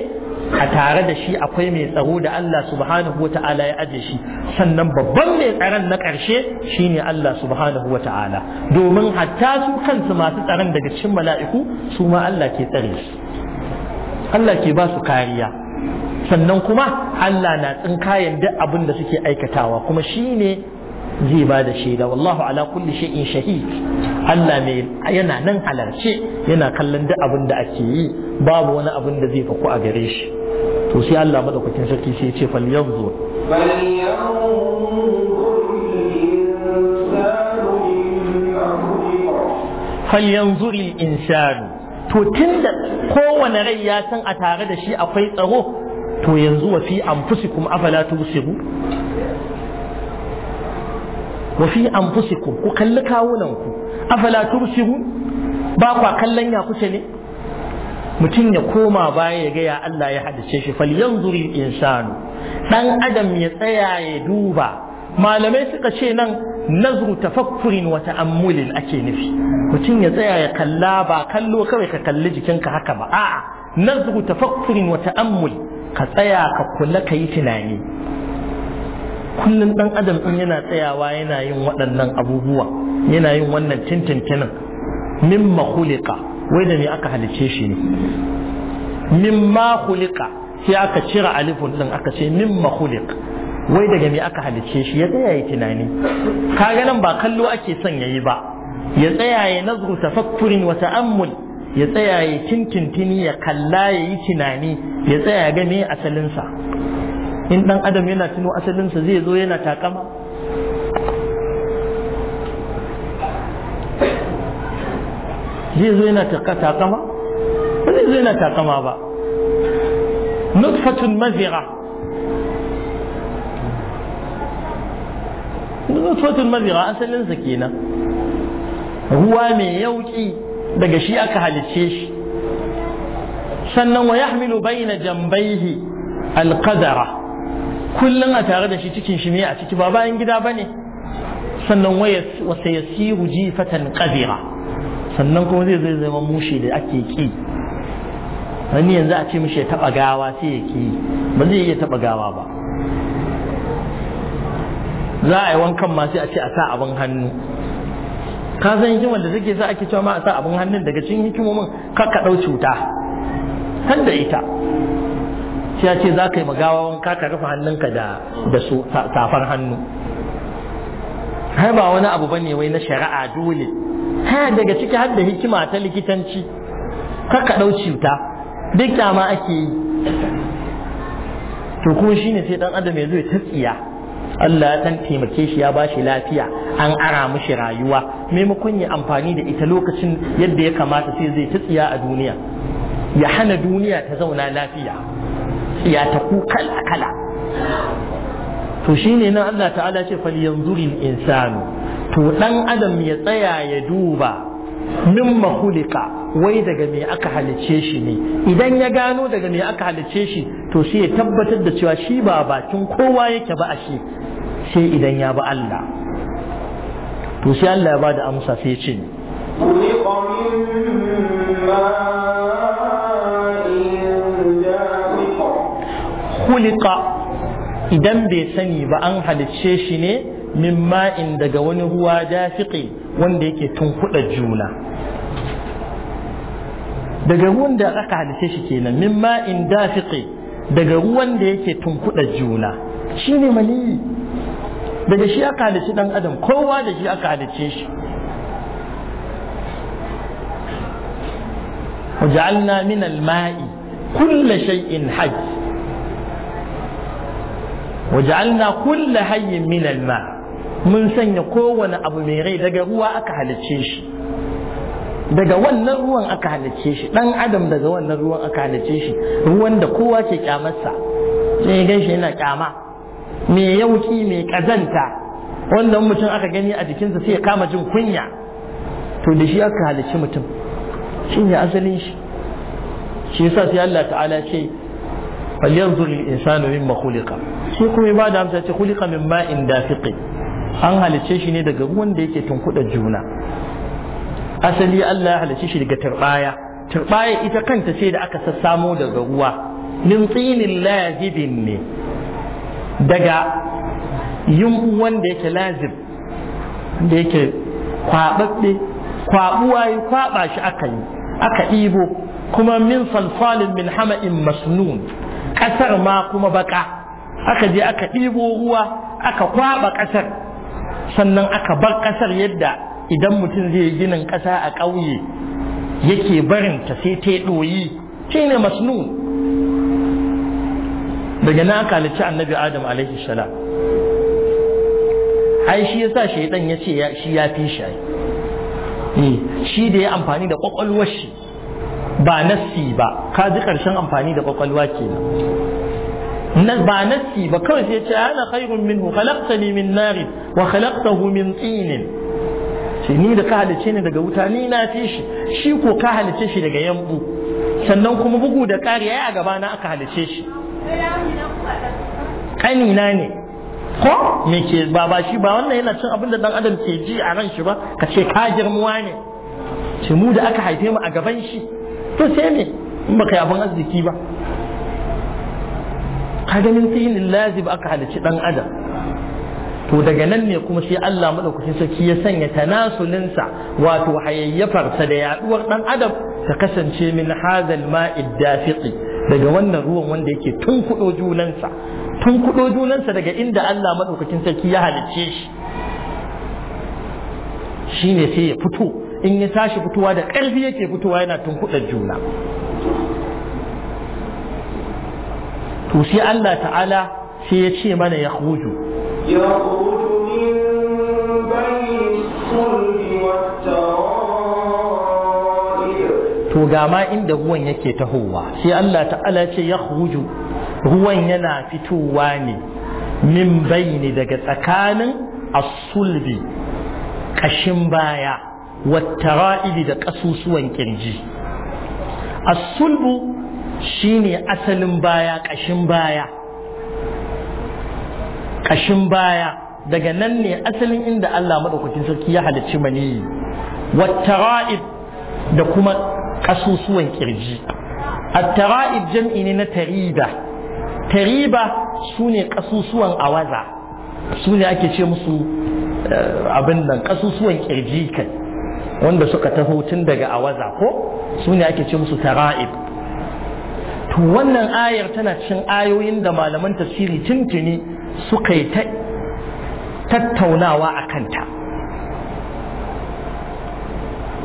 a tare da shi akwai mai tsaro da Allah subhanahu wa ta'ala ya aje shi sannan babban mai tsaron na ƙarshe shine Allah subhanahu wa ta'ala domin hatta su kansu masu tsaron daga cikin mala'iku su ma Allah ke tsare su Allah ke ba su kariya sannan kuma Allah na tsinkayen duk abin da suke aikatawa kuma shi ne. zai ba da shaida wallahu ala kulli shay'in shahid Allah mai yana nan halarce yana kallon duk abin da ake yi babu wani abin da zai faku a gare shi to sai Allah madaukakin sarki sai ya ce fal yanzu fal yanzu insanu to tunda kowane rai ya san a tare da shi akwai tsaro to yanzu wa fi anfusikum afala tusiru wa fi anfusikum ku kalli kawunan ku afala tubsirun ba kwa kallon ya kuce ne mutum ya koma baya ya gaya Allah ya hadace shi fal yanzuri insanu dan adam ya tsaya ya duba malamai suka ce nan nazru tafakkurin wa ta'ammulin ake nufi mutum ya tsaya ya kalla ba kallo kawai ka kalli jikinka haka ba a'a nazru tafakkurin wa ta'ammul ka tsaya ka kula ka tunani kullum dan adam din yana tsayawa yana yin waɗannan abubuwa yana yin wannan tintintinin mimma khuliqa wai da me aka halice shi ne mimma khuliqa sai aka cire alifun ɗin aka ce mimma khuliq wai daga me aka halice shi ya tsaya tunani kaga nan ba kallo ake son yayi ba ya tsaya ya nazru tafakkurin wa ta'ammul ya tsaya ya tintintini ya kalla ya yi tunani ya tsaya ga me asalinsa in dan adam yana tuno asalinsa zai zo yana takama zai zo yana takama ba zai zo yana takama ba nutfatun mazira nutfatun mazira asalinsa kenan ruwa mai yauki daga shi aka halice shi sannan wa yahmilu bayna jambaihi alqadara kullum a tare da shi cikin shi ne a ciki ba bayan gida ba ne sannan wasa ya siru jifatan kabira sannan kuma zai zai zama mushe da ake ki wani yanzu a ce mishi ya taba gawa sai ya ki ba zai iya taba gawa ba za a yi wankan ma sai a ce a sa abin hannu ka san hikimar da take sa ake cewa ma a sa abin hannun daga cikin hikimomin kakka ɗau cuta kan da ita ya ce za ka yi magawa wanka ka rufe hannunka da da su safar hannu har ba wani abu ne wai na shari'a dole ha daga ciki har da hikima ta likitanci kaka ɗau cuta duk da ma ake yi to kuma shine sai ɗan adam ya zo ya tsiya Allah ya dan taimake shi ya bashi lafiya an ara mishi rayuwa maimakon ya amfani da ita lokacin yadda ya kamata sai zai tatsiya tsiya a duniya ya hana duniya ta zauna lafiya Ya tsiyataku kala kala to shine nan Allah ta'ala ce falyanzuril insanu to dan adam ya tsaya ya duba min makhulika wai daga me aka halicce shi ne idan ya gano daga me aka halicce shi to shi ya tabbatar da cewa shi ba bakin kowa yake ba a shi sai idan ya ba Allah to sai Allah ya ba da amsa sai ya ce khuliqa idan bai sani ba an halicce shi ne min ma'in daga wani ruwa dafiqi wanda yake tunkuɗa juna daga ruwan da aka halice shi kenan min ma'in dafiqi daga ruwan da yake tunkuɗa juna shi ne maniyi daga shi aka halice ɗan adam kowa da shi aka halice shi وجعلنا من الماء كل شيء حي waj'alna kulla hayyin min alma mun sanya kowane abu mai rai daga ruwa aka halicce shi daga wannan ruwan aka halicce shi dan adam daga wannan ruwan aka halicce shi ruwan da kowa ke kyamarsa sai gan shi yana kyama mai yauki mai kazanta wannan mutum aka gani a jikinsa sai ya kama jin kunya to da shi aka halicci mutum shine asalin shi shi yasa sai Allah ta'ala ce falyanzur al-insanu mimma khuliqa sai kuma ba da amsa ce khuliqa min ma'in dafiqi an halice shi ne daga ruwan da yake tunkuɗa juna asali Allah ya halice shi daga turbaya turbaya ita kanta ce da aka sassamo daga ruwa min tsinin lazibin ne daga yumbu wanda yake lazib da yake kwaɓaɓɓe, kwabuwa yi shi aka yi aka ibo kuma min salsalin min hama'in masnun kasar ma kuma baka aka je aka ɗibo ruwa aka kwaɓa ƙasar sannan aka bar ƙasar yadda idan mutum zai ginin ƙasa a ƙauye yake ta sai ta ɗoyi shi ne masnu daga na aka halicci annabi adam alaihi salam ai shi yasa shaidan ya ce shi ya fi shi eh, shi da ya amfani da kwakwalwar shi ba nassi ba ka ji ƙarshen amfani da kwakwalwa kenan nan ba ba kawai sai ce ana khairun minhu khalaqtani min nari wa khalaqtahu min tin ce ni da ka halice ni daga wuta ni na fi shi shi ko ka halice shi daga yambu sannan kuma bugu da ƙari yayi a gaba na aka halice shi kanina ne ko me ke ba ba shi ba wannan yana cin abin da dan adam ke ji a ran shi ba ka ce ka girmuwa ne ce mu da aka haife mu a gaban shi to sai ne in baka yi abin arziki ba kaga tsinin fi'lin lazib aka halici dan adam to daga nan ne kuma sai Allah madaukakin sarki ya sanya sa wato hayayyafarsa da yaduwar dan adam ta kasance min hazal ma'id dafiqi daga wannan ruwan wanda yake tun kudo junansa tun kudo junansa daga inda Allah madaukakin sarki ya halice shi shine sai ya fito in ya tashi fitowa da ƙarfi yake fitowa yana tun kuɗa juna to sai Allah ta'ala sai ya ce mana ya khuju to ga ma inda ruwan yake tahowa sai Allah ta'ala ce ya khuju ruwan yana fitowa ne min bayni daga tsakanin asulbi kashin baya wattara'ibi da kasusuwan kirji asulbu Shi ne asalin baya ƙashin baya ƙashin baya daga nan ne asalin inda Allah maɗaukakin sarki ya halicci maniyi wattara'ib da kuma ƙasusuwan ƙirji attara'ib jam'i ne na tariba tariba su ne ƙasusuwan awaza su ne ake ce musu eh, abin nan ƙasusuwan ƙirji kan wanda suka taho tun daga awaza ko su ne ake ce musu tara'ib to wannan ayar tana cin ayoyin da malaman tafsiri tuntuni suka yi ta tattaunawa a kanta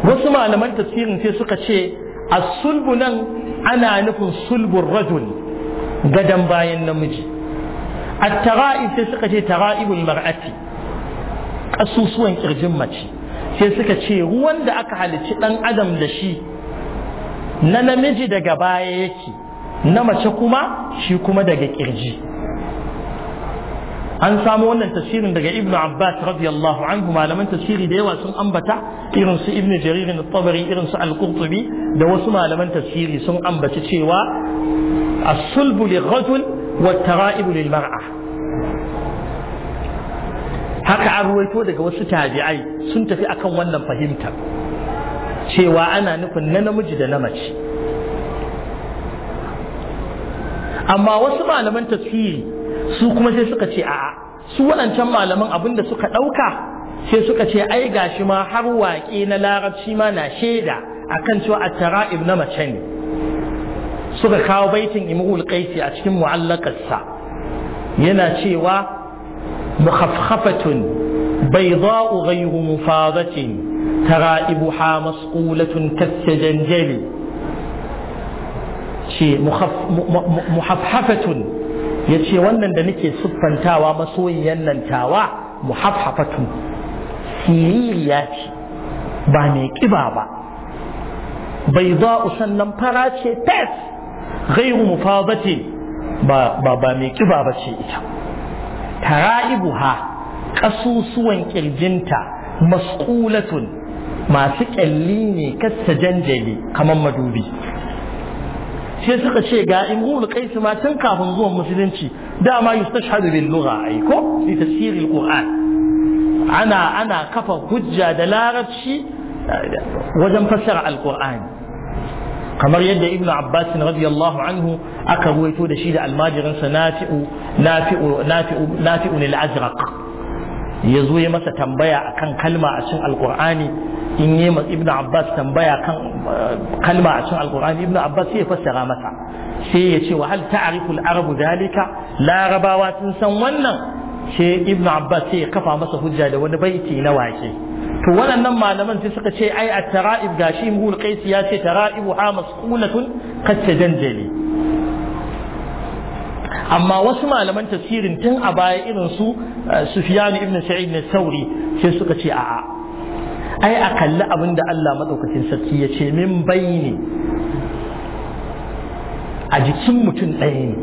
wasu malaman tafsirin sai suka ce a sulbu nan ana nufin sulbun rajul gadon bayan namiji a tara'ib sai suka ce tara'ibul mar'ati ƙasusuwan ƙirjin mace sai suka ce ruwan da aka halici ɗan adam da shi na namiji daga baya yake na mace kuma shi kuma daga kirji an samu wannan tasirin daga ibnu abbas radiyallahu anhu malaman tasiri da yawa sun ambata irin su ibnu jarir at-tabari irin su al-qurtubi da wasu malaman tasiri sun ambaci cewa as-sulbu lirajul wa taraibu lil mar'a haka an ruwaito daga wasu tabi'ai sun tafi akan wannan fahimta cewa ana nufin na namiji da na mace amma wasu malaman tafsiri su kuma sai suka ce a'a su waɗancan malaman abin da suka ɗauka sai suka ce ai gashi ma har waƙe na larabci ma na shaida akan cewa a taraib na mace ne suka kawo baitin imrul qaisi a cikin mu'allakarsa yana cewa mukhaffafatun bayda'u ghayru mufadatin tara'ibuha masqulatun kasjanjali yace muhafhafatun yace wannan da nake siffantawa masoyiyan nan tawa muhafhafatun siririya ce ba mai kiba ba bai za'u sannan fara ce fes gairu mufabati ba ba mai kiba ba ce ita ha kasusuwan ƙirjinta masqulatun masu ƙyalli ne kasta janjali kamar madubi sai suka ce ga imrul qais ma tun kafin zuwan musulunci dama yustashhadu bil lugha ai ko li tafsir al qur'an ana ana kafa hujja da larabci wajen fassara al kamar yadda ibn abbas radiyallahu anhu aka ruwaito da shi da almajirinsa sa nafi'u nafi'u nafi'u nafi'u azraq ya zo ya masa tambaya akan kalma a cikin alkur'ani in yi ibn abbas tambaya kan uh, kalma a cikin alkur'ani ibn abbas sai ya fassara masa sai ya ce wa hal ta'rifu al-arabu dalika larabawa sun san wannan sai ibn abbas sai ya kafa masa hujja da wani baiti na wake to waɗannan malaman sai suka ce ai at-tara'ib gashi muhul qais ya ce tara'ibu ha masqulatun qad tajanjali amma wasu malaman tafsirin tun a baya irin su eh, Sufiyanu, ibn Sa'id na Sauri sai suka ce a'a ai a kalli abin da Allah madaukakin sarki ya ce min bayni a jikin mutum ɗaya ne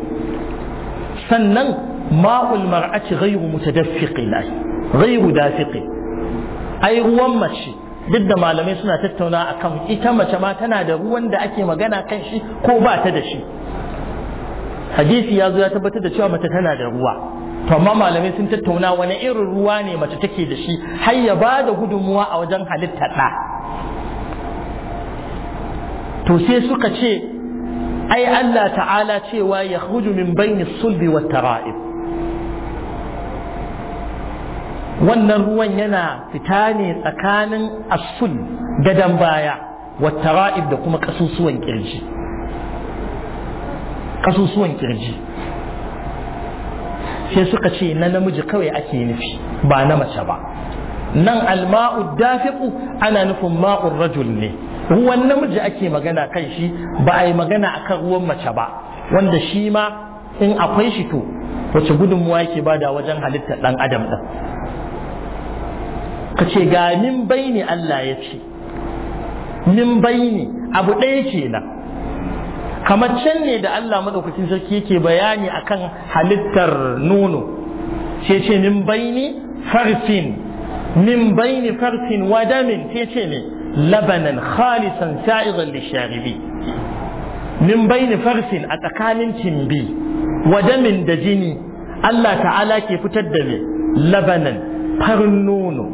sannan ma'ul mar'aci ghayru mutadaffiqi lahi ghayru dafiqi ai ruwan mace duk da malamai suna tattauna akan ita mace ma tana da ruwan da ake magana kan shi ko ba ta da shi hadisi ya zo ya tabbatar da cewa mace tana da ruwa to amma malamai sun tattauna wani irin ruwa ne mace take da shi har ya ba da gudunmuwa a wajen halitta ɗa to sai suka ce ai Allah ta'ala cewa ya huju min bayni sulbi wa tara'ib wannan ruwan yana fita ne tsakanin asul gadon baya wa tara'ib da kuma ƙasusuwan kirji kasusuwan kirji sai suka ce na namiji kawai ake nufi ba na mace ba nan alma'u dafiqu ana nufin ma'ur rajul ne ruwan namiji ake magana kan shi ba a yi magana kan ruwan mace ba wanda shi ma in akwai shi to wace gudunmuwa yake bada wajen halitta dan adam din ka ce ga min bayni Allah ya ce min bayni abu ɗaya kenan kamar can ne da Allah madaukakin sarki yake bayani akan halittar nono sai ce min baini farfin min baini farfin wa damin sai ce ne labanan khalisan sa'idan lisharibi min baini farfin a tsakanin cimbi wa damin da jini Allah ta'ala ke fitar da me labanan farin nono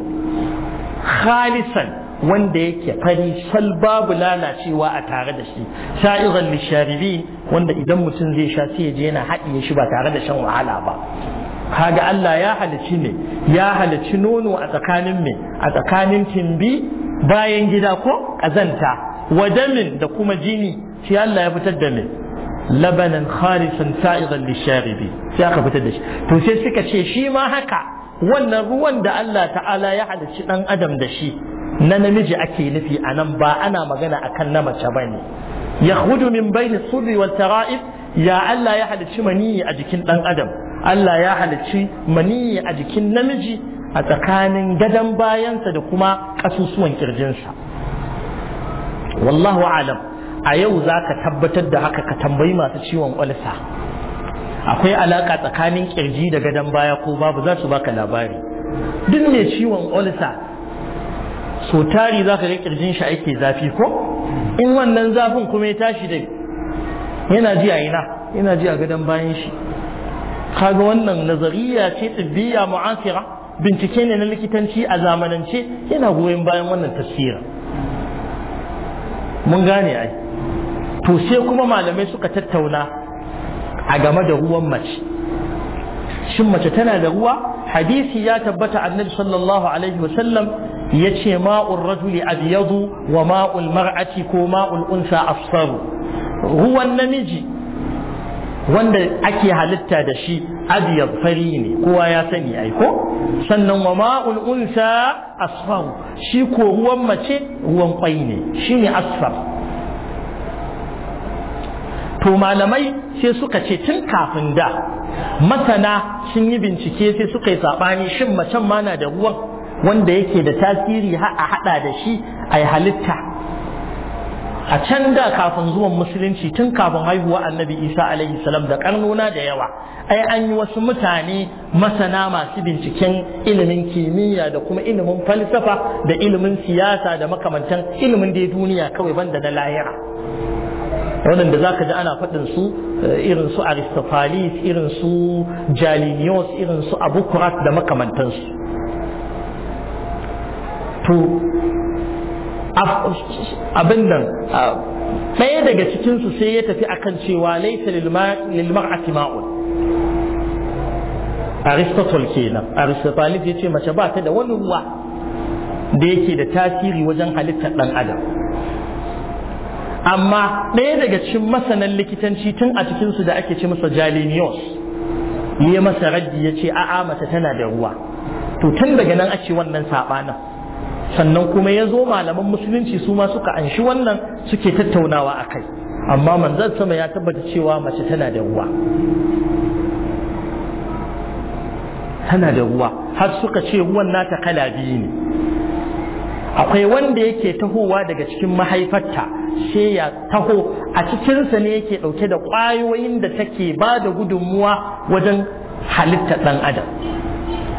khalisan wanda yake fari sal babu lalacewa a tare da shi sha'iran lisharibin wanda idan mutum zai sha sai je yana haɗiye shi ba tare da shan wahala ba kaga Allah ya halici ne ya halici nono a tsakanin me a tsakanin timbi bayan gida ko kazanta wadamin da kuma jini shi Allah ya fitar da me labanan khalisan sa'idan lisharibi sai aka fitar da shi to sai suka ce shi ma haka wannan ruwan da Allah ta'ala ya halici dan adam da shi na namiji ake nufi a nan ba ana magana akan na mace ba ne ya hudu min baini sirri wal ya Allah ya halicci maniyi a jikin ɗan adam Allah ya halicci maniyi a jikin namiji a tsakanin gadon bayansa da kuma ƙasusuwan kirjinsa wallahu alam a yau za ka tabbatar da haka ka tambayi masu ciwon ƙwalsa akwai alaƙa tsakanin kirji da gadon baya ko babu za su baka labari duk mai ciwon ƙwalsa so tari za ka ga kirjin shi ake zafi ko in wannan zafin kuma ya tashi da yana ji a ina yana ji a gadon bayan shi kaga wannan nazariya ce tibbiya mu'asira bincike ne na likitanci a zamanance yana goyon bayan wannan tafsirin mun gane ai to sai kuma malamai suka tattauna a game da ruwan mace shin mace tana da ruwa hadisi ya tabbata annabi sallallahu alaihi wasallam ya ce ma'ul rajuli abyadu wa ma'ul mar'ati ko ma'ul unsa asfaru ruwan namiji wanda ake halitta da shi abiyar fari ne kowa ya sani ai ko sannan wa ma'ul unsa asfaru shi ko ruwan mace ruwan kwai ne shine asfar to malamai sai suka ce tun kafin da masana sun yi bincike sai suka yi sabani shin macen ma na da ruwan wanda yake da tasiri a haɗa da shi a yi halitta a can da kafin zuwan musulunci tun kafin haihuwa annabi isa alaihi salam da karnona da yawa ai an yi wasu mutane masana masu binciken ilimin kimiyya da kuma ilimin falsafa da ilimin siyasa da makamantan ilimin dai duniya kawai banda na lahira waɗanda za ka ji ana faɗin su eh, irin su aristophanes irin su jalinios irin su abu da makamantansu to abin nan ɗaya daga cikinsu sai ya tafi akan cewa laisa lilmar mar'ati aristotle kenan aristotle ya ce mace ba ta da wani ruwa da yake da tasiri wajen halittar ɗan adam amma ɗaya daga cikin masanan likitanci tun a cikinsu da ake ce masa jaliniyos ya masa raddi ya ce a'a mace tana da ruwa to tun daga nan ake wannan saɓanin sannan kuma ya zo malaman musulunci su ma suka anshi wannan suke tattaunawa a kai amma manzan sama ya tabbata cewa mace tana da ruwa tana da ruwa har suka ce ruwan nata kala biyu ne akwai wanda yake tahowa daga cikin mahaifarta sai ya taho a cikinsa ne yake ɗauke da ƙwayoyin da take ba da gudunmuwa wajen halitta ɗan adam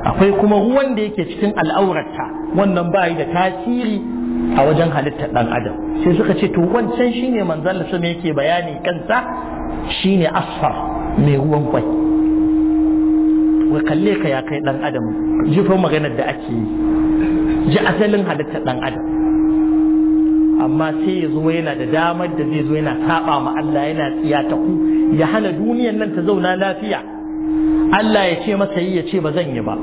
akwai kuma ruwan da yake cikin al'aurarta wannan ba da tasiri a wajen halittar ɗan adam sai suka ce to wancan shine manzon Allah yake bayani kansa shine asfar mai ruwan kwai wa kalle ka ya kai ɗan adam ji maganar da ake yi ji asalin halittar ɗan adam amma sai ya zo yana da damar da zai zo yana saba ma Allah yana tsiya ta ku ya hana duniyan nan ta zauna lafiya Allah ya ce masa yi ya ce ba zan yi ba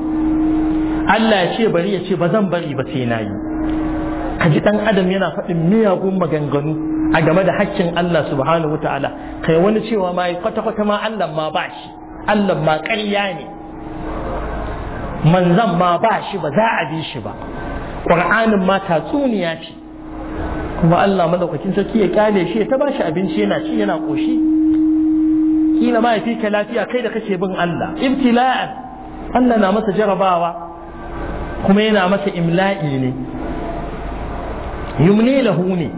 Allah ya ce bari ya ce ba zan bari ba sai na yi ka ji dan adam yana faɗin miyagun maganganu a game da hakkin Allah subhanahu ta'ala kai wani cewa ma kwata-kwata ma Allah ma ba shi Allah ma ƙarya ne manzan ma ba shi ba za a bi shi ba ƙur'anin ma tatsuniya ce kuma Allah madaukakin sarki ya kyale shi ya ta shi abinci yana ci yana koshi kila ma ya fi ka lafiya kai da kake bin Allah ibtila'an Allah na masa jarabawa kuma yana masa imla'i ne yumni lahu ne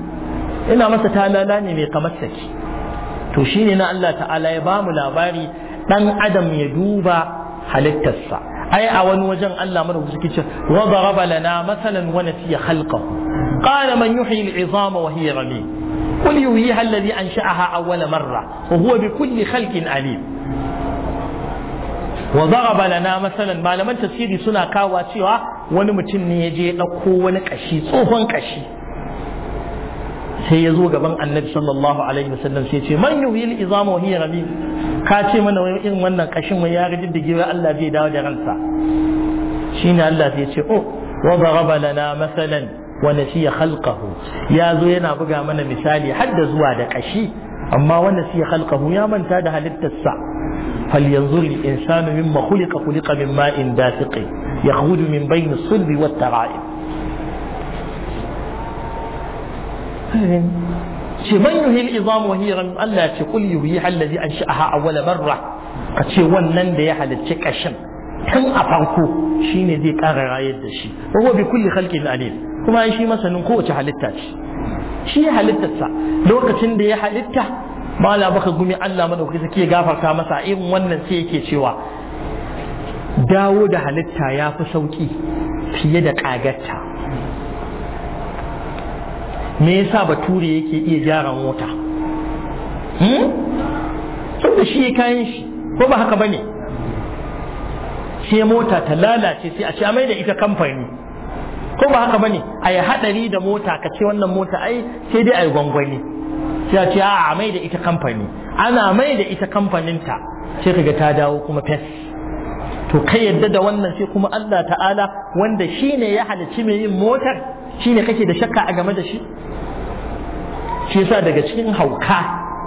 yana masa talala ne mai kamar saki to shine na Allah ta'ala ya bamu labari dan adam ya duba halittarsa ai a wani wajen Allah mana ku suke cewa wa daraba lana masalan wa nasiya khalqahu qala man yuhyi al'izama wa hiya ramim qul yuhyiha alladhi ansha'aha awwala marra wa huwa bi kulli khalqin alim wa daraba lana masalan malaman tafsiri suna kawa cewa wani mutum ne ya je ya ɗauko wani kashi tsohon kashi sai ya zo gaban annabi sallallahu alaihi wasallam sai ce man yuhil izama wa hiya rabi ka ce mana irin wannan kashin wai ya da wa Allah zai dawo da ransa shine Allah sai ya ce oh wa daraba lana masalan wa nasiya khalqahu ya zo yana buga mana misali har da zuwa da kashi amma wanda sai khalqahu ya manta da halittarsa falyanzur al-insanu mimma khuliqa khuliqa min ma'in dafiq yakhruju min bayn as-sulbi wat-tara'ib ce man yuhi al-izam wa hiya ram Allah ce qul yuhi alladhi ansha'aha awwala marra ka ce wannan da ya halicci kashin tun a farko shine zai kara rayar da shi wa bi kulli khalqin alim kuma shi masanin kowace halitta ce shi halitta halittarsa lokacin da ya halitta mala baka gumi Allah madauki ke gafarta masa irin wannan sai yake cewa dawo da halitta ya fi sauki fiye da ƙagarta. me yasa bature yake iya gyara mota hmm? da shi kayan shi ko ba haka bane sai mota ta lalace sai a ce a mai da ita kamfani ko ba haka bane a yi haɗari da mota ka ce wannan mota ai sai dai a yi gwangwani sai ce a mai da ita kamfani ana mai da ita kamfaninta sai kaga ta dawo kuma fes to kai yadda da wannan sai kuma Allah ta'ala wanda shine ya halici mai yin motar shine kake da shakka a game da shi shi yasa daga cikin hauka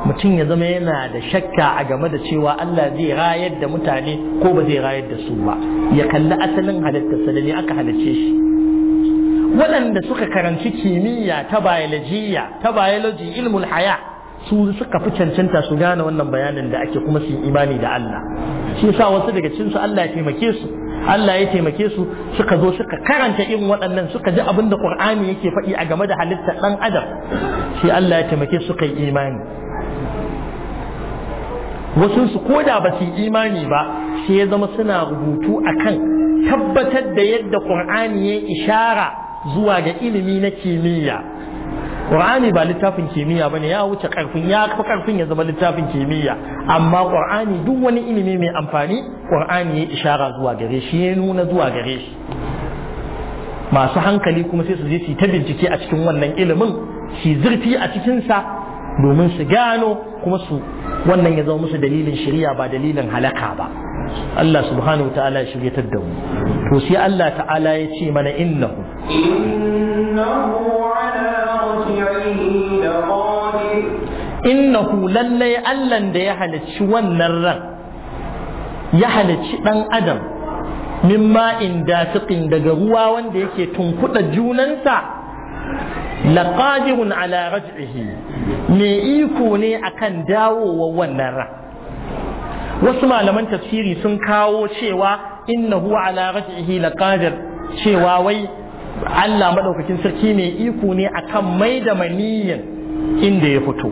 mutum ya zama yana da shakka a game da cewa Allah zai rayar da mutane ko ba zai rayar da su ba ya kalli asalin halittarsa da ne aka halarce shi waɗanda suka karanci kimiyya ta bayolojiya ta biology ilmul haya su suka fi cancanta su gane wannan bayanin da ake kuma su imani da Allah shi yasa wasu daga cikin su Allah ya taimake su Allah ya taimake su suka zo suka karanta irin waɗannan suka ji abin da Qur'ani yake faɗi a game da halittar ɗan adam shi Allah ya taimake su kai imani wasu su koda ba su imani ba sai ya zama suna rubutu akan tabbatar da yadda Qur'ani ya ishara zuwa ga ilimi na kimiyya Qur'ani ba littafin kimiyya ba ne ya wuce karfin ya kafa karfin ya zama littafin kimiyya amma Qur'ani duk wani ilimi mai amfani Qur'ani ya ishara zuwa gare shi ya nuna zuwa gare shi masu hankali kuma sai su je su ta bincike a cikin wannan ilimin su zurfi a cikinsa domin su gano kuma su wannan ya zama musu dalilin shari'a ba dalilin halaka ba Allah subhanahu wa ta'ala ya shiryatar da mu to sai Allah ta'ala ya ce mana innahu innahu lallai allan da ya halarci wannan ran ya halicci ɗan adam min ma'in dafiƙin daga ruwa wanda yake tunkuɗa junansa laqadirun ala raj'ihi me iko ne akan dawowa wannan ran wasu malaman tafsiri sun kawo cewa innahu ala raj'ihi laqadir cewa wai Allah maɗaukacin sarki mai iko ne akan mai da maniyin inda ya fito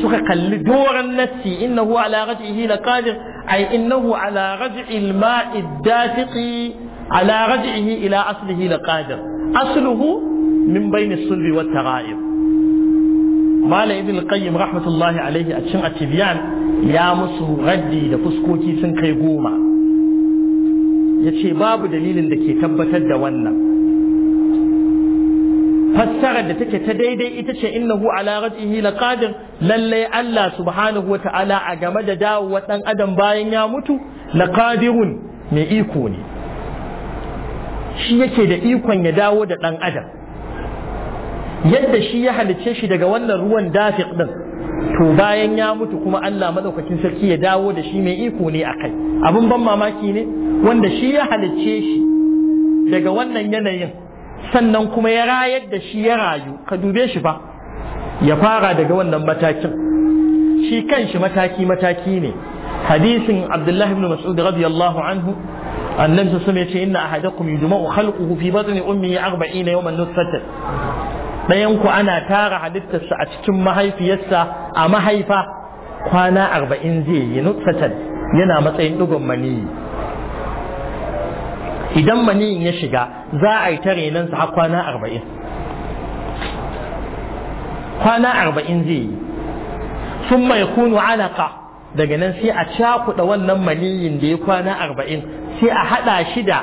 suka kalli doran nassi innahu ala raj'ihi laqadir ay innahu ala raj'il ma'i dafiqi ala raj'ihi ila aslihi laqadir asluhu min bayni sulbi wat tara'ib mala ibn qayyim rahmatullahi alayhi a cikin atibiyan ya musu raddi da fuskoki sun kai goma yace babu dalilin da ke tabbatar da wannan fassarar da take ta daidai ita ce innahu ala raj'ihi qadir lallai Allah subhanahu wata'ala a game da dawowa dan adam bayan ya mutu qadirun mai iko ne shi yake da ikon ya dawo da dan adam yadda shi ya halice shi daga wannan ruwan dafiq din to bayan ya mutu kuma Allah madaukakin sarki ya dawo da shi mai iko ne a kai abin ban mamaki ne wanda shi ya halicce shi daga wannan yanayin sannan kuma ya rayar da shi ya rayu ka dube shi fa ya fara daga wannan matakin shi kanshi mataki mataki ne hadisin abdullahi ibn mas'ud radiyallahu anhu annabi sallallahu alaihi wasallam ya ce inna ahadakum yujma'u khalquhu fi batni ummihi 40 yawman nutfatan ɗayan ku ana tara halittarsa a cikin mahaifiyarsa a mahaifa kwana arba'in zai yi nutsatan yana matsayin ɗigon maniyi idan maniyin ya shiga za a yi ta renansa har kwana arba'in kwana arba'in zai yi sun mai kunu alaka daga nan sai a cakuɗa wannan maniyin da ya kwana arba'in sai a haɗa shi da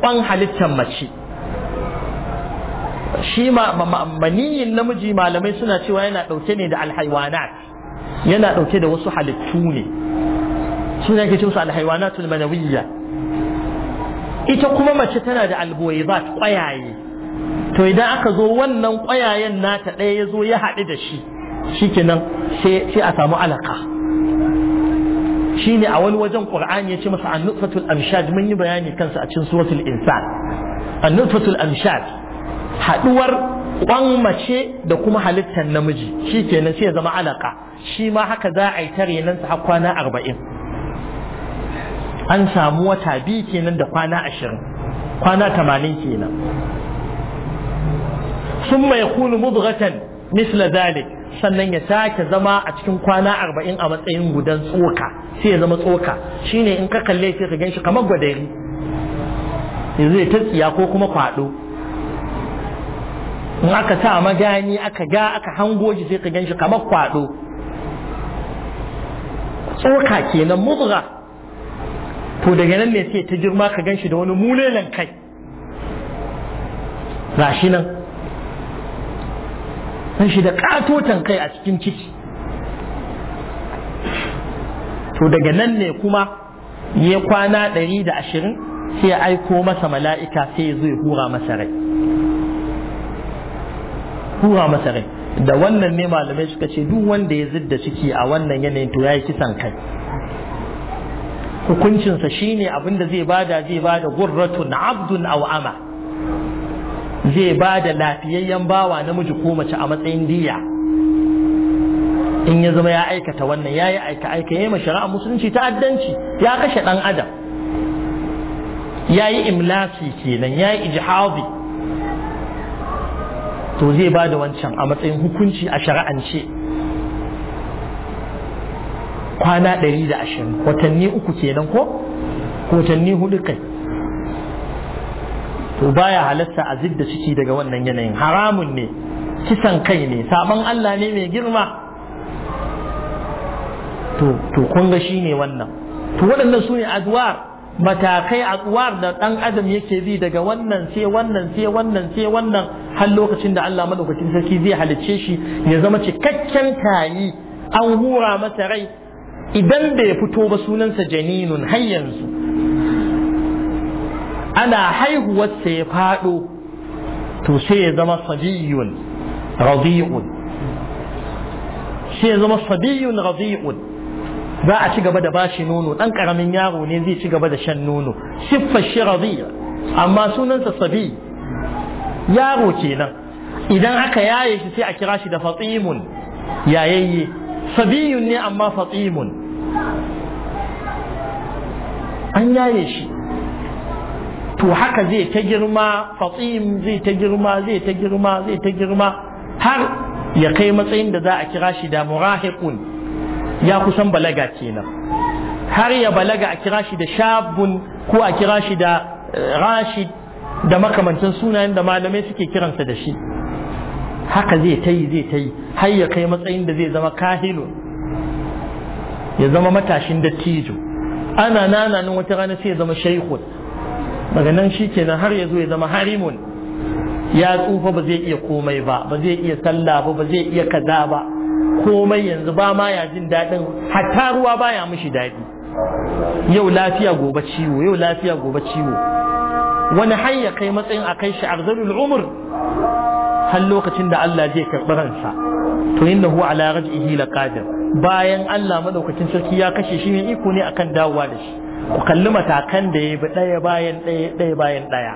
ƙwan halittar mace shi maniyin namiji malamai suna cewa yana ɗauke ne da alhaiwanat yana ɗauke da wasu halittu ne suna ke cewa manawiyya ita kuma mace tana da algoyibat ƙwayaye to idan aka zo wannan ƙwayayen nata ɗaya ya zo ya haɗu da shi shikenan sai a samu alaka shine a wani wajen Qur'ani ce masa an-nutfatul amshad mun yi bayani kansa a cikin suratul insan an-nutfatul amshad haɗuwar kwan mace da kuma halittar namiji shi kenan sai ya zama alaka shi ma haka za a yi tare nan sa kwana arba'in an samu wata biyu kenan da kwana ashirin kwana tamanin kenan sun mai kunu mudghatan misla zalik sannan ya sake zama a cikin kwana arba'in a matsayin gudan tsoka sai ya zama tsoka shine in ka kalle sai ka gan shi kamar gwadari zai ta tsiya ko kuma kwado in aka sa magani aka ga aka hango shi sai ka gan shi kamar kwado tsoka kenan mudga to daga nan ne sai ta girma ka gan shi da wani mulelan kai gashi nan san shi da katotan kai a cikin ciki to daga nan ne kuma ya kwana 120 da ashirin sai ya aiko masa mala'ika sai ya zo ya hura masa rai hura masa rai da wannan ne malamai suka ce duk wanda ya zidda ciki a wannan yanayin to ya yi kisan kai hukuncinsa shine abin da zai bada zai bada gurratun abdun aw ama zai bada lafiyayyen bawa namiji ko mace a matsayin diya in ya zama ya aikata wannan ya yi aika aika ya yi a musulunci ta'addanci ya kashe dan adam ya yi imlaki kenan ya yi ijihabi. to zai ba da wancan a matsayin hukunci a shari'ance kwana ɗari da ashirin watanni uku kenan ko watanni hudu kai to baya halatta a zidda ciki daga wannan yanayin haramun ne kisan kai ne saban Allah ne mai girma to kun shi ne wannan to waɗannan su ne adwar matakai a tsuwar da ɗan adam yake bi daga wannan sai wannan sai wannan sai wannan har lokacin da Allah madaukakin sarki zai halicce shi ya zama cikakken tayi an hura masa rai idan bai fito ba sunansa janinun har yanzu ana haihuwar haihuwarsa ya faɗo to sai ya zama sabiyun radiyun sai ya zama sabiyun radiyun za a ci gaba da bashi nono dan karamin yaro ne zai ci gaba da shan nono siffar shi radiya amma sunansa sabi yaro kenan idan aka yaye shi sai a kira shi da fatimun yayayye sabiyun ne amma fatimun an yaye shi to haka zai ta girma fatim zai ta girma zai ta girma zai ta girma har ya kai matsayin da za a kira shi da murahiqun ya kusan balaga kenan har ya balaga a kira shi da shabun ko a kira shi da eh, rashid da makamancin sunayen da malamai suke kiransa da shi haka zai ta yi zai ta yi har ya kai matsayin da zai zama kahilo ya zama matashin dattijo ana nana nan wata rana sai ya zama shaikhun daga nan shi kenan har ya zo ya zama harimun ya tsufa ba zai iya komai ba ba zai iya sallah ba ba zai iya kaza ba komai yanzu ba ma ya jin daɗin hatta ruwa ya mishi daɗi yau lafiya gobe ciwo yau lafiya gobe ciwo wani hanya kai matsayin a kai shi arzalul umur har lokacin da Allah zai karɓi ransa to innahu ala raj'ihi laqadir bayan Allah maɗaukacin sarki ya kashe shi ne iko ne akan dawowa da shi ku kalli matakan da ya bi ɗaya bayan ɗaya ɗaya bayan ɗaya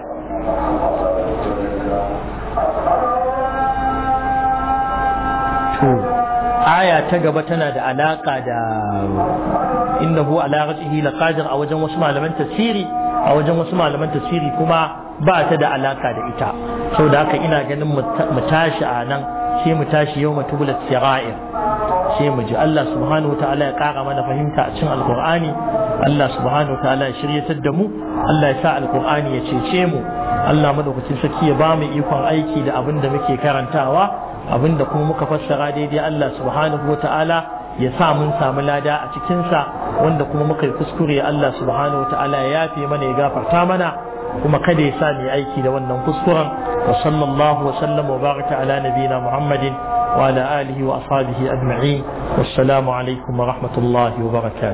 aya ta gaba tana da alaka da innahu ala rajhi laqadir a wajen wasu malaman tafsiri a wajen wasu malaman tafsiri kuma ba ta da alaka da ita saboda haka ina ganin mu tashi a nan sai mu tashi yau matubulat sira'ir sai mu ji Allah subhanahu wa ta'ala ya kara mana fahimta a cikin alqur'ani Allah subhanahu wa ta'ala ya shiryatar da mu Allah ya sa alqur'ani ya cece mu Allah madaukakin sarki ya ba mu ikon aiki da abin da muke karantawa abinda kuma muka fassara daidai Allah subhanahu wa ta'ala ya sa mun samu lada a cikinsa wanda kuma muka yi kuskure Allah subhanahu wa ta'ala ya yafe mana ya gafarta mana kuma kada ya sa mu aiki da wannan kuskuren wa sallallahu wa sallam wa baraka ala nabiyina muhammadin wa ala alihi wa ashabihi ajma'in wassalamu alaikum wa rahmatullahi wa barakatuh